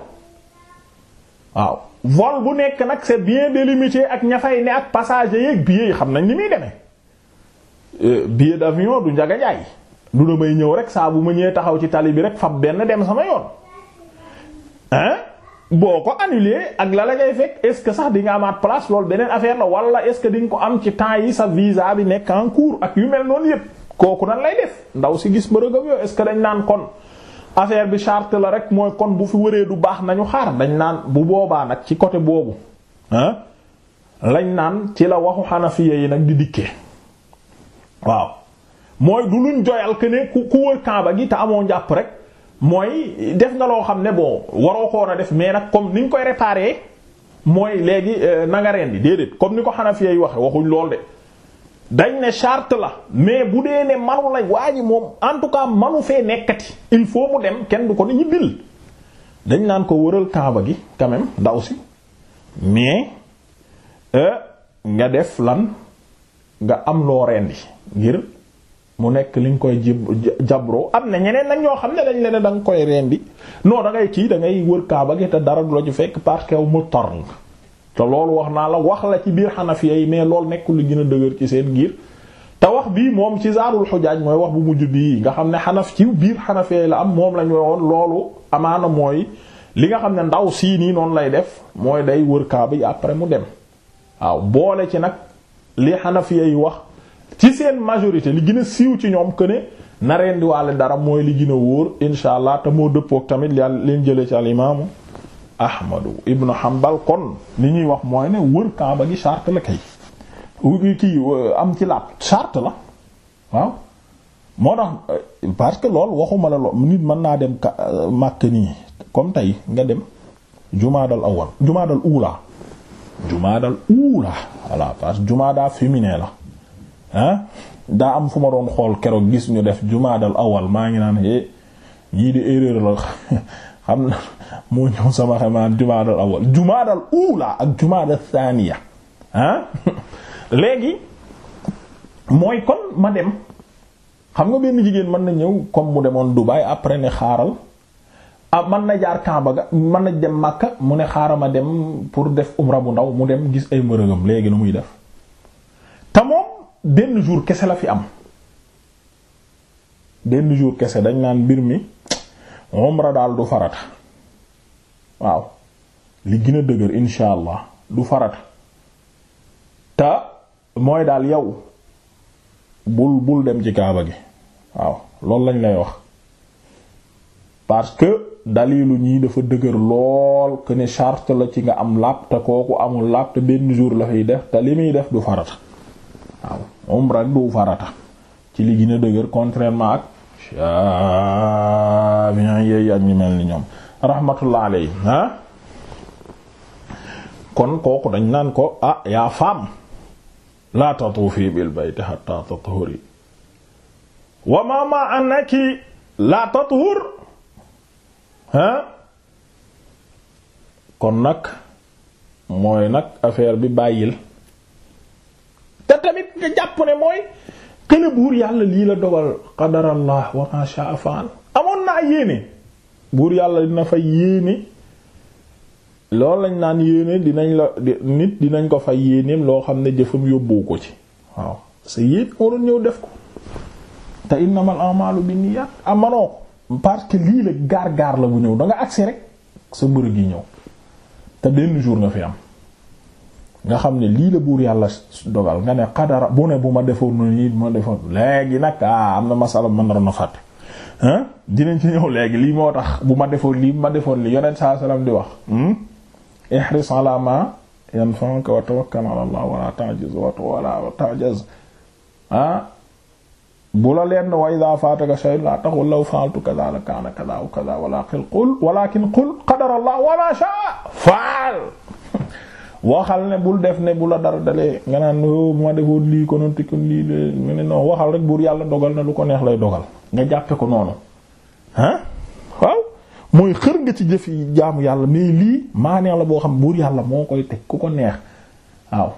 S1: waaw vol bu nekk nag c'est bien délimité ak ñafay fay ne ak passager yeeg billet yi xam nañ ni muy demee euh, billet d'avion du njaga jaay du may ñëw rek saa bu ma ñëwee taxaw ci tali bi rek fab benn dem sama yoon hein boo ko annulé ak la la ngay fekk est-ce que sax di nga amaat place loolu beneen affaire la wala est-ce que di ko am ci temps yi sa visa bi nekk en cours ak yu mel noonu yépp kooku nan lay def ndaw si gis bërëgam yooyu est-ce que dañ naan kon affaire bi charte la rek mooy kon bu fi wëree du baax nañu xaar dañ naan bu boobaa nag ci côté boobu ah lañ naan ci la waxu xanafiya yi nag di dikkee waaw mooy du luñ joyal que ne ku ku wër Kaaba gi te amoo njàpp rek. mooy def nga loo xam ne bon waroo ko woon a def mais nag comme ni nga koy réparer mooy léegi euh, na nga rendi déedéet comme ni ko Hanafiya yi waxe waxuñ lool de dañ ne charte la mais bu dee ne manu la waa moom en tout cas manu fee nekkati il faut mu dem kenn du ko ni ñu bil dañ naan ko wëral kaaba gi quand même ndaw si mais euh, nga def lan nga am loo rendi ngir mu nekk li nga koy jib jabroo am na ñeneen nag ñoo xam ne dañ leneen da nga koy rendi non da ngay kii da ngay wër kaaba gi te dara du la ci fekk parce que mu tor te loolu wax naa la wax la ci biir xanafiya yi mais loolu nekkul lu gën a dëgër ci seen giir te wax bii moom ci zaarul xujaaj mooy wax bu mujj bii nga xam ne xanaf ci biir xanafiya yi la am moom la ñu woon loolu amaana mooy li nga xam ne ndaw sii nii noonu lay def mooy day wër kaaba yi après mu dem waaw boole ci nag li xanafiya yi wax. ci seen majorité li gën a siiw ci ñoom que ne na rendiwaale dara mooy li gën a wóor insha allah te moo dëppook tamit li leen jëlee ci al imaamu ahmadu ibnu hanbal kon li ñuy wax mooy ne wër kaaba gi charte la kay kii am ci laab charte la waaw moo tax parce que lool waxuma la lool nit mën naa dem màkk nii comme tey nga dem jumaadal dal jumaadal uulaa jumaadal uulaa voilà parce que jumaadaa féminin la ah daa am fu ma doon xool keroog gis ñu def jumaadal awal maa ngi naan é eh, yii di erreur la (laughs) xam na moo ñëw sama xamaan jumaadal awal jumaadal uula ak jumaadal thaniya ah (laughs) léegi mooy kon ma dem xam nga benn jigéen mën na ñëw comme mu demoon Dubaï après ne xaaral ah mën na jaar Kaaba ga mën na dem Makka mu ne xaaral ma dem pour def umra bu ndaw mu dem gis ay mbërëgam léegi nu muy def benn jour kese la fi am benn jour kese dañ naan mbir mi umra daal du farata waaw li gën a dëgër insha allah du farata te mooy daal yow bul bul dem ci kaaba gi waaw loolu lañ lay wax parce que dalilu ñii dafa dëgër lool que ne charte la ci nga am làpp kooku amul làpp benn jour la fiy def te li muy def du farata waaw umra ak du farata ci li gën a dëgër contrairement ak Shafi'i ak ñu mel ni ñoom rahmatullah alayhi ah kon kooku dañ naan ko ah yaa femme la tatuufi bil bayti hatta tathuri wa ma ma annaki la tathur ah kon nag mooy nag affaire bi bàyyil tamit nga jàpp ne mooy kële buur yàlla lii la dogal qadarallah wa ma sha'a fa'al amoon naa yéene buur yàlla dina fay yéene loolu lañ naan yéene dinañ la nit dinañ ko fay yéeneem loo xam ne jëfam yóbbu ko ci waaw sa yéen moo doon ñëw def ko te innamal a'malu binniyat amanoo ah, ko parce que lii la gaar gaar la bu ñëw da nga agsi rek sa mbërëg yi ñëw te benn jour nga fi am nga xam ne lii la buur yàlla dogal nga ne xadara bu ne bu ma defoon noonu lii bu ma defoon léegi nag ah am na masala man naroon a fàtte hein dinañ ci léegi lii moo tax bu ma defoon lii ma defoon lii yonent saa salaam di wax hmm? ihris ala ma yanfa'uka wa tawakkal ala Allah wala ta'jaz wala ta'jaz ah bu la leen wa idha fataka shay'un la taqul law fa'altu kadha la kana kadha wa kadha walakin qul walakin qul qadara Allah wa ma sha'a fa'al waxal ne bul def ne bu la dara dalee nga naan oh, bu ma defoon lii konoon te lii mu ne non waxal buur yàlla dogal na lu ko neex lay dogal nga jàppe ko noonu ah waaw mooy xër nga ci jëf yi jaamu yàlla mais lii maa neex la boo xam buur yàlla moo koy teg ku ko neex waaw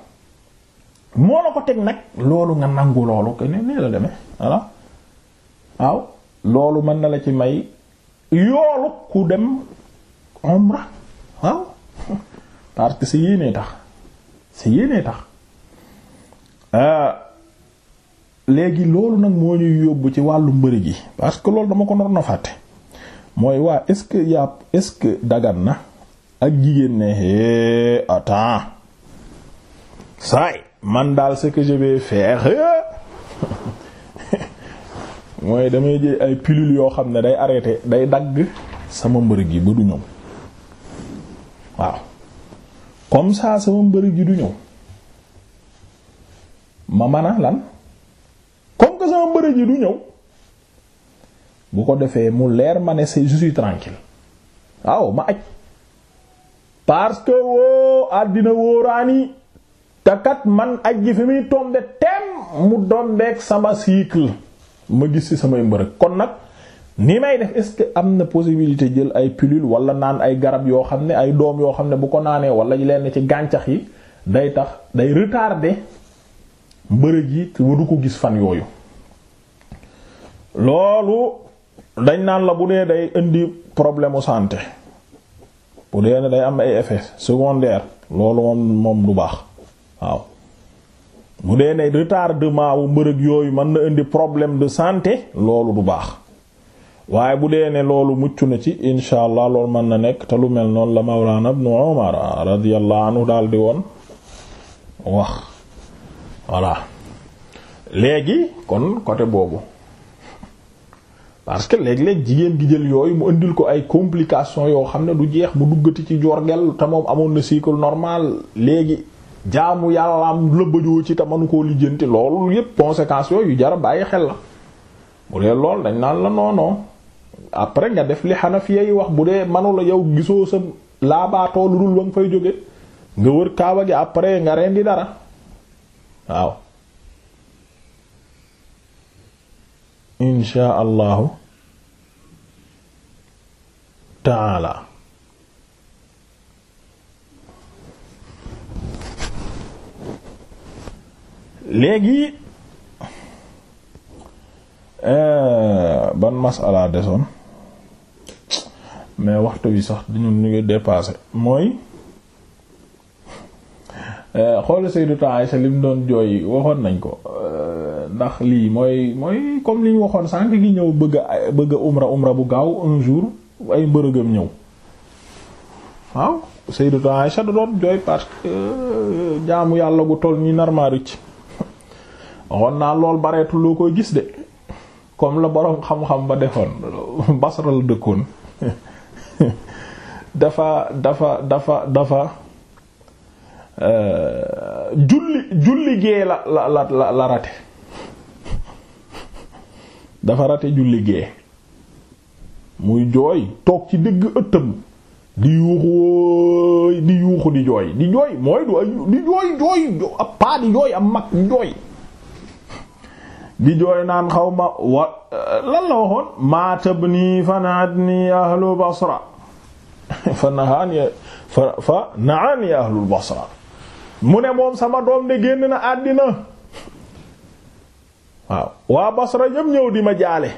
S1: moo la ko teg nag loolu nga nangu loolu ko ne la demee voilà waaw loolu mën na la ci may yoolu ku dem umra waaw (laughs) parce que tax sa yéenee tax euh, léegi loolu nag moo ñuy yóbbu ci wàllu mbëri gi parce que loolu dama ko nar na fàtte mooy waa est-ce que yàpp est-ce que dagan na ak jigéen ne hé attends saay man daal ce que je vais (laughs) mooy damay jël ay pilule yoo xam ne day arrêter day dagg sama mbër gi ba du ñëw waaw comme ça sama mbërëg ji du ñëw ma man a lan comme que sama mbërëg ji du ñëw bu ko defee mu leer ma ne c'est je suis tranquille waaw ma aj parce que woo àddina wóoraani te kat man aj ji fi muy tombe tem mu dombeek sama cycle ma gis ci samay mbërëg kon nag ni may def est-ce que am na possibilité jël ay pilule wala naan ay garab yoo xam ne ay doom yoo xam ne bu ko naanee wala leen ci gàncax yi day tax day retarder mbërëg yi te du ko gis fan yooyu loolu dañ naan la bu dee day indi problème mu santé bu dee ne day am ay effets secondaires loolu moom moom du baax waaw bu dee ne retardement wu mbërëg yooyu mën na indi problème de santé loolu du baax waaye bu dee ne loolu mucc na ci insha allah loolu mën na nekk te lu mel noonu la mawlana ibnu umar radiyallahu anhu daal di woon wax voilà léegi kon côté boobu parce que léeg-léeg jigéen gi jël yooyu mu indil ko ay complication yoo xam ne du jeex mu duggati ci jorgel te moom amoon na cycle normal léegi jaamu yàllaam lëbbajoo ci te manu koo lijjanti loolu yépp conséquences yooyu yu jara bàyyi xel la bu dee lool dañ naan la noonoo après nga def li xanafiya yi wax bu dee manula yow gisoo sa laabaatoo lu dul ba nga fay jóge nga wër kaaba gi après nga rendi dara waaw insha allahu taala léegi euh, ban masala desoon mais waxtu wi sax dañu ñu ngi dépassé mooy euh, xool Sayyidatu Aïsha li mu doon jooy waxoon nañ ko euh, ndax lii mooy mooy comme li waxoon sànq gi ñëw bëgg a bëgg a umra umra bu gaaw un jour ay mbërëgam ñëw waaw Sayyidatu Aïsha da doon jooy parce que euh, jaamu yàlla gu toll nii nar maa waxoon naa lool bareetu loo koy gis de comme la boroom xam-xam ba defoon Basra dëkkoon (laughs) dafa dafa dafa dafa euh, julli julli gee la la la la rate dafa rate julli gee muy jooy toog ci digg ëttam di yuuxu di yuuxu di jooy di jooy mooy du ay di jooy jooy ab paa di jooy am mag di jooy di jooy naan xaw ma wa lan la waxoon maatab nii fanaat nii ahlu basra fa nahaan ya fa fa naan ya ahlul basra mu ne moom sama doom de génn na àddina waaw waa basra ñëpp ñëw di ma jaale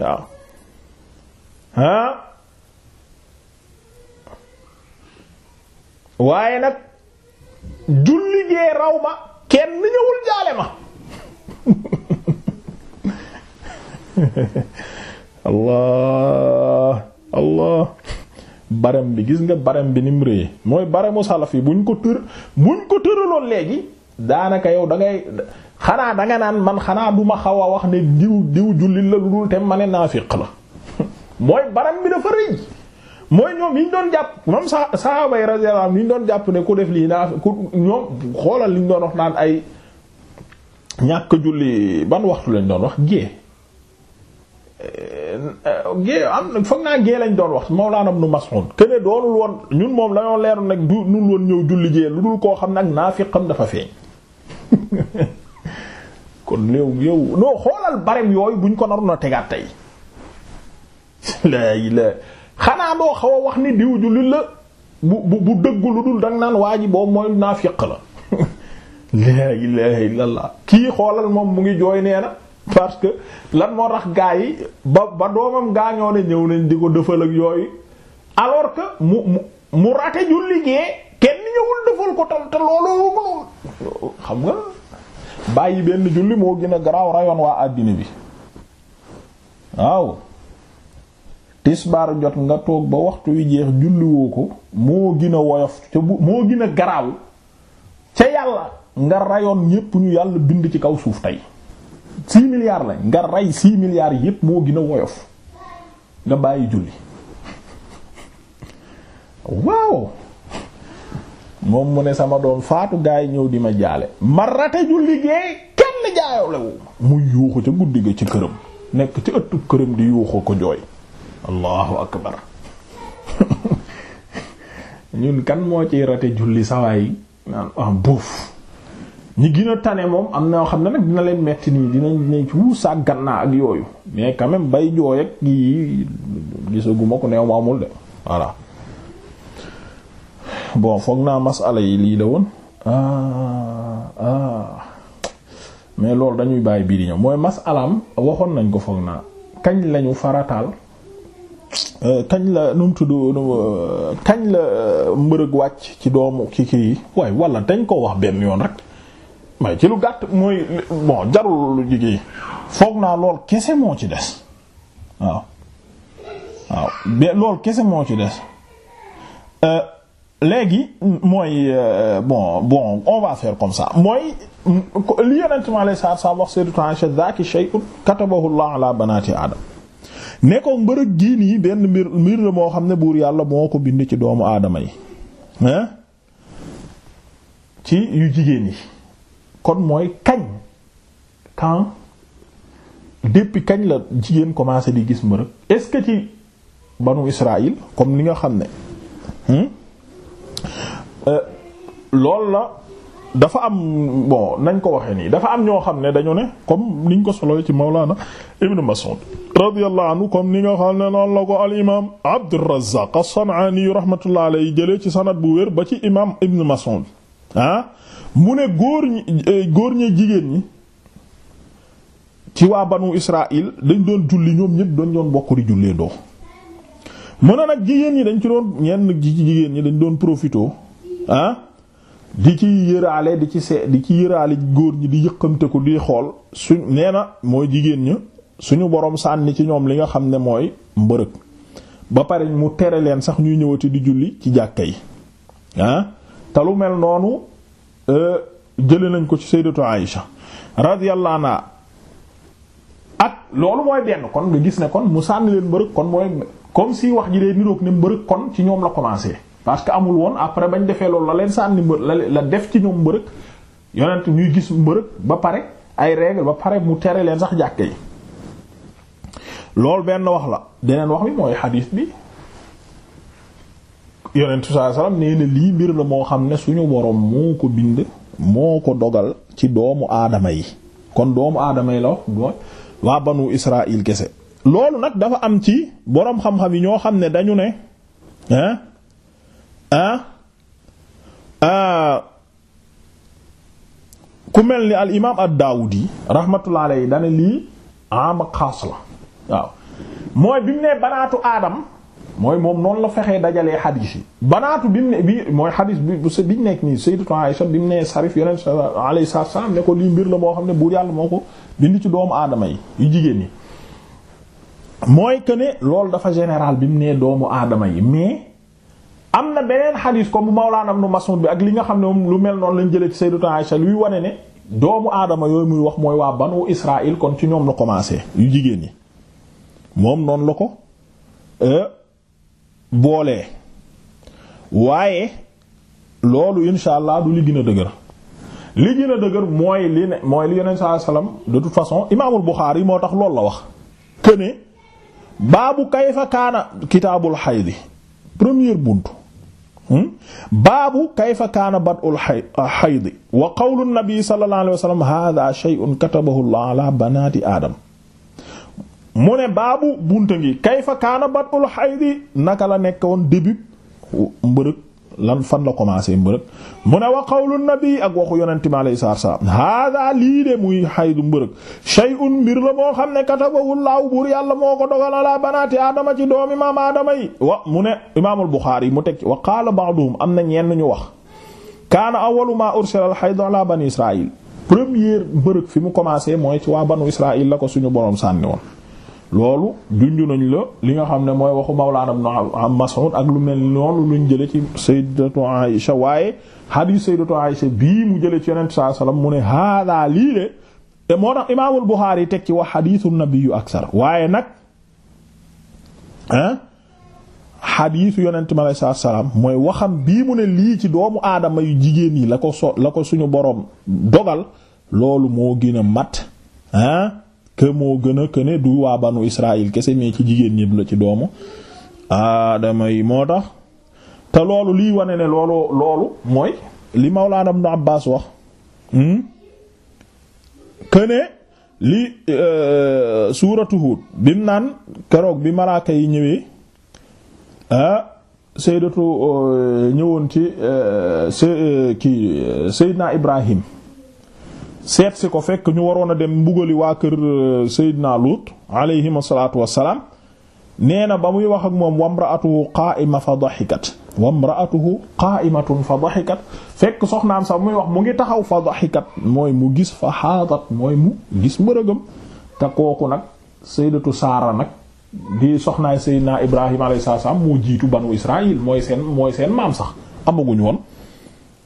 S1: waaw waaye nag julli gee raw kenn ñëwul jaale ma (laughs) allah allah baram bi gis nga baram bi ni mu mooy baremu salaf yi buñ ko tër buñ ko tëraloon léegi daanaka yow dangay xanaa danga naan man xanaa du ma xaw a wax ne diw diw jullit la lu dul te ma ne naafiq la (laughs) mooy barem bi dafa rëy mooy ñoom yi doon jàpp moom sa sahaba yi doon jàpp ne ku def lii naa ku ñoom xoolal li ñu doon wax naan ay ñàkk julli ban waxtu lañ doon wax gée Euh, euh, gée am na foog naa gée lañ doon wax Mawlana nu Mas'ud te ne doonul woon ñun moom lañoo leeru nag du nun woon ñëw julli jee lu dul koo xam nag naafiqam dafa feeñ (laughs) kon léew yow noo xoolal barem yooyu buñ ko naroon a tegaat tey (laughs) laa ilaa xanaa doo xaw wax ni diw jullit la bu bu bu dëggu lu dul danga naan waa ji boobu mooy naafiq la (laughs) laa ilaaha illallaah kii xoolal moom mu ngi jooy nee na parce que lan moo tax gaa yi ba ba doomam gaañoo ne ñëw nañ di ko dëfal ak yooyu alors que mu mu mu rate julli gee kenn ñëwul dëfal ko tam te loolu xam nga bàyyi benn julli moo gën a garaaw waa àddina bi waaw tisbaar jot nga toog ba waxtu wi jeex julliwoo ko moo gën a woyof te bu moo gën a ca yàlla nga rayoon ñépp ñu yàlla bind ci kaw suuf tey six milliards lañ nga rey six milliards yépp moo gën a woyof nga bàyyi julli waaw moom mu ne sama doom faatu yi ñëw di ma jaale ma rate julli gee kenn jaayaw la wu mu yuuxu ca guddi ga ci këram nekk ci ëtt këram di yuuxu ko jooy allahu akbar (laughs) ñun kan moo ciy rate julli sawaay ah, buuf ñi gën a tane moom am na xam ne nag dina leen metti nii dinañ ne wuu sàggan naa ak yooyu mais quand bay jooy ak yi gisaguma ko neew ma amul de voilà bon foog naa masala yi lii la woon ah, ah. mais loolu dañuy bàyyi bii di ñëw mooy masalaam waxoon nañ ko foog naa kañ lañu farataal euh, kañ la nu mu tudd euh, kañ la mbërëg wàcc ci doomu kii kii yi waaye wala dañ ko wax benn yoon rek. may ci lu gàtt mooy bon jarul lu jigéen foog naa lool kese moo ci des waaw waaw mais lool kese moo ci des euh, léegi mooy euh, bon bon on va faire comme ça mooy li yonentement lay saar sa wax seetu temps zaki shay'un katabahu Allah ala banati adam ne ko mbërëg gii nii benn mbir mbir la moo xam ne buur yàlla moo ko bind ci doomu aadama yi ci yu jigéen yi kon mooy kañ quand depuis kañ la jigéen commencé di gis mbërëg est-ce que ci banu Israël comme li nga xam ne hmm? euh, lool la dafa am nañ ko waxee nii dafa am ñoo xam ne dañu ne comme niñ ko solo ci Mawlana Ibn Mas'ud radiyallahu anhu comme ni nga xam ne noonu la ko al imam Abdurrazzaq as-San'ani rahmatullahi alayhi jëlee ci sanad bu wér ba ci imam Ibn Mas'ud ah? mu ne góor ñi eh, góor ñee jigéen ñi ci waa banu Israël dañ doon julli ñoom ñépp dañ doon bokk di jullee ndoo mu ne nag jigéen ñi dañ ci doon ñenn ci jigéen ñi dañ doon profitoo ah, di ci yëraale di ci se di ci yëraale góor ñi di yëqamte ko di xool suñ nee mooy jigéen ñi suñu boroom sànni ci ñoom li nga xam ne mooy mbërëg ba pare mu tere leen sax ñuy ñëwati di julli ci jàkka yi ah mel noonu. Euh, jële nañ ko ci sayyidatu Aïsha radiyallahu anha ak loolu mooy benn kon nga gis ne kon mu sànni leen mbërëg kon mooy comme si wax ji dee niroog ne mbërëg kon ci ñoom la commencé parce que amul woon après bañ defee loolu la leen sànni mbërëg la def ci ñoom mbërëg yonent ñuy gis mbërëg ba pare ay règle ba pare mu tere leen sax jàkke yi loolu benn wax la deneen wax bi mooy xadiis bi yonent saa salaam nee na lii mbir la moo xam ne su ñu boroom moo ko bind moo ko dogal ci doomu aadama yi kon doomu aadama yi la wax waa banu Israël kese loolu nag dafa am ci boroom xam-xam yi ñoo xam ne dañu ne hein hein euh, ku mel ni al imaam ad-Daawudi rahmatullah alayhi dana lii am ak xaas la waaw mooy bi mu ne banaatu aadam mooy moom noonu la fexee dajalee xadiis yi banaatu bi mu ne bi mooy xadiis bi biñ nekk nii Sayyidatu Aisha bi mu nee sarif yonent alayhi salaam ne ko lii mbir la moo xam ne buur yàlla moo ko bind ci doomu aadama yi yu jigéen ñi mooy que ne loolu dafa général bi mu nee doomu aadama yi mais am na beneen xadiis comme bu Mawlaana Ibn Mas'ud bi ak li nga xam ne moom lu mel noonu lañ jëlee ci Sayyidatu Aisha luy wane ne doomu aadama yooyu muy wax mooy waa banu Israël kon ci ñoom la commencé yu jigéen ñi moom noonu la ko euh, boolee waaye loolu insha allah du li gën a dëgër li gën a dëgër mooy li ne mooy li yonent saa salaam de toute façon imaamul Buxaari yi moo tax loolu la wax que ne baabu kayfa kaana kitaabul xaydi première buntu hmm? baabu kayfa kaana bad'ul ah, xaydi wa qawlu nabi sallallahu alayhi wa sallam haaza allah banaati aadam mu ne baabu bunta ngi kayfa kaana batul xaydi naka la nekk woon début mbërëg lan fan la commencé mbërëg mu ne wa qawlu nabi ak waxu yonente mi alayhi salaatu wa salaam hada lii de muy xaydu mbërëg shay'un mbir la moo xam ne katabahu laaw buur yàlla moo ko dogal ala banaati aadama ci doom maam aadama yi wa mu ne imaamul Buxaari mu tekki wa qaala ba'duhum am na ñenn ñu wax kaana awwalu maa ursila al xaydu ala bani israil première mbërëg fi mu commencé mooy ci waa banu ko suñu boroom sànni loolu junju nañ la li nga xam ne mooy waxu Mawlaana Ibn Mas'ud ak lu mel noonu luñ jële ci sayyidatu Aisha waaye hadith sayyidatu Aisha bii mu jële ci yonent sallallahu alayhi mu ne haadaa lii de te moo tax imaamul Buxaari teg ci wax hadithu nabiyyu aksar waaye nag ah xadiisu yonente mi alei salaatu salaam mooy waxam bii mu ne lii ci doomu aadama yu jigéen yi la ko so la ko suñu boroom dogal loolu moo gën a mat que moo gën a que ne du waa banu Israël kese mais ci jigéen ñi la ci doomu aadama yi moo tax te loolu liy wane ne loolu loolu mooy li Mawlaana Ibn Abbaas wax que hmm? li euh, suuratu Huud bi mu naan keroog bi malaaka yi ñëwee ah euh, ñëwoon ci euh, kii Sayyidna Ibrahim seet si ko fekk ñu waroon a dem mbugali waa kër euh, Seydina Lut alayhim asalatu wassalaam nee na ba muy wax ak moom wamraatuhu qaa'ima fa daxikat wamraatuhu qaa'imatun fa daxikat fekk soxnaam sax muy wax mu ngi taxaw fa daxikat mooy mu gis fa xaadat mooy mu gis mbërëgam te kooku nag sayyidatu Saara nag di soxnaay Seydina Ibrahima alayhi salaam moo jiitu banu Israil mooy seen mooy seen maam sax amaguñu woon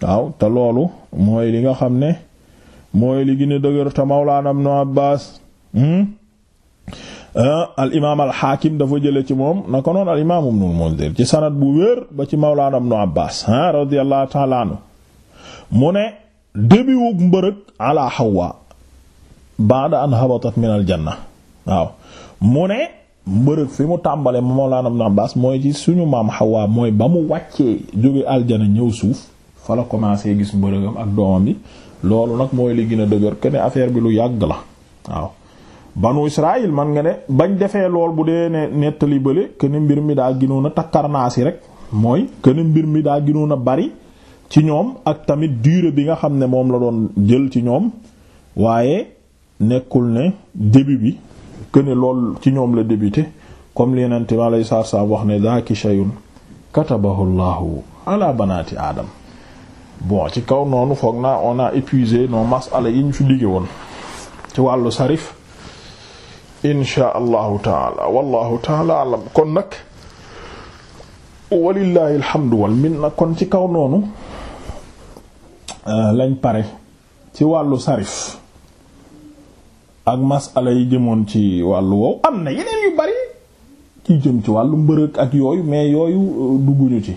S1: waaw te loolu mooy li nga xam ne mooy li gën a dëgër te mawlaana ibnu Abbaas hmm? ah, al imaam dafa jële ci moom naka noonu al imaam ibnul ci sanad bu wér ba ci mawlaana ibnu Abbaas ah radiyallahu ta'ala anhu mu ne débiwug mbërëg ala Hawwa ba'da an habatat min al janna waaw mu ne mbërëg fi mu tàmbale mawlaana ibnu Abbaas mooy ci suñu maam Hawwa mooy ba mu wàccee jóge aljana ñëw suuf fa la commencé gis mbërëgam ak doomam bi loolu nag mooy li gën a dëgër que ne affaire bi lu yàgg la waaw banu Israël man nga ne bañ defee lool bu dee ne nettali bële que ne mbir mi daa gënoon a takkarnaasi rek mooy que mbir mi daa gënoon a bari ci ñoom ak tamit durée bi nga xam ne moom la doon jël ci ñoom waaye nekkul ne début bi que lool ci ñoom la débuté comme li yeneen ma lay saar saa wax ne daaki shay'un katabahu Allahu ala banaati Adam bon ci kaw noonu foog naa on a épuisé nos masala yi ñu fi liggéey woon ci wàllu sarif insha allahu taala wallahu taala alam kon nag walillahi alhamdu wal minna kon ci kaw noonu euh, lañ pare ci wàllu sarif ak masala yi jëmoon ci wàllu woowu am na yeneen yu bari ci jëm ci wàllu mbërëg ak yooyu mais yooyu euh, dugguñu ci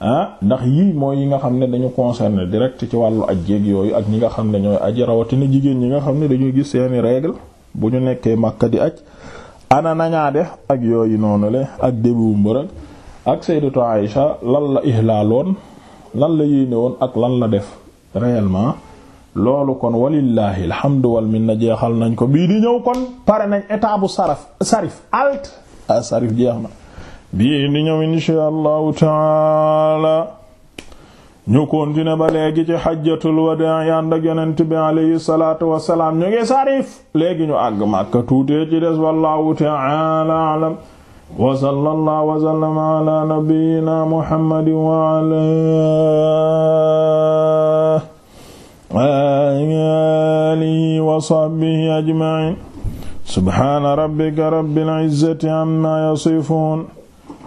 S1: ah ndax yii mooy yi nga xam ne dañu concerné direct ci wàllu aj jéeg yooyu ak ñi nga xam ne ñooy aji rawatina jigéen ñi nga xam ne dañuy gis seeni règle bu ñu nekkee Makka di aj ana nañaa def ak yooyu noonu le ak débu mbërëg ak Sayyidatu Aïsha lan la ihlaaloon lan la yéene woon ak lan la def réellement loolu kon walillahi alhamdu wal minna jeexal nañ ko bii di ñëw kon pare nañ état bu saraf sarif alt ah, sarif jeex na bii di ñëw insha allahu taala ñu continuer ba léegi ci xajjatul wadaa yand ak yonent bi alayhi salaatu wassalaam ñu ngi sarif léegi ñu àgg Makka tuutee ci des wallahu taala alam wa sallallahu wa sallama ala nabiyyina muhammadin wa ala alihi wa sahbihi ajma'in subhana rabbika rabbil izzati amma yasifun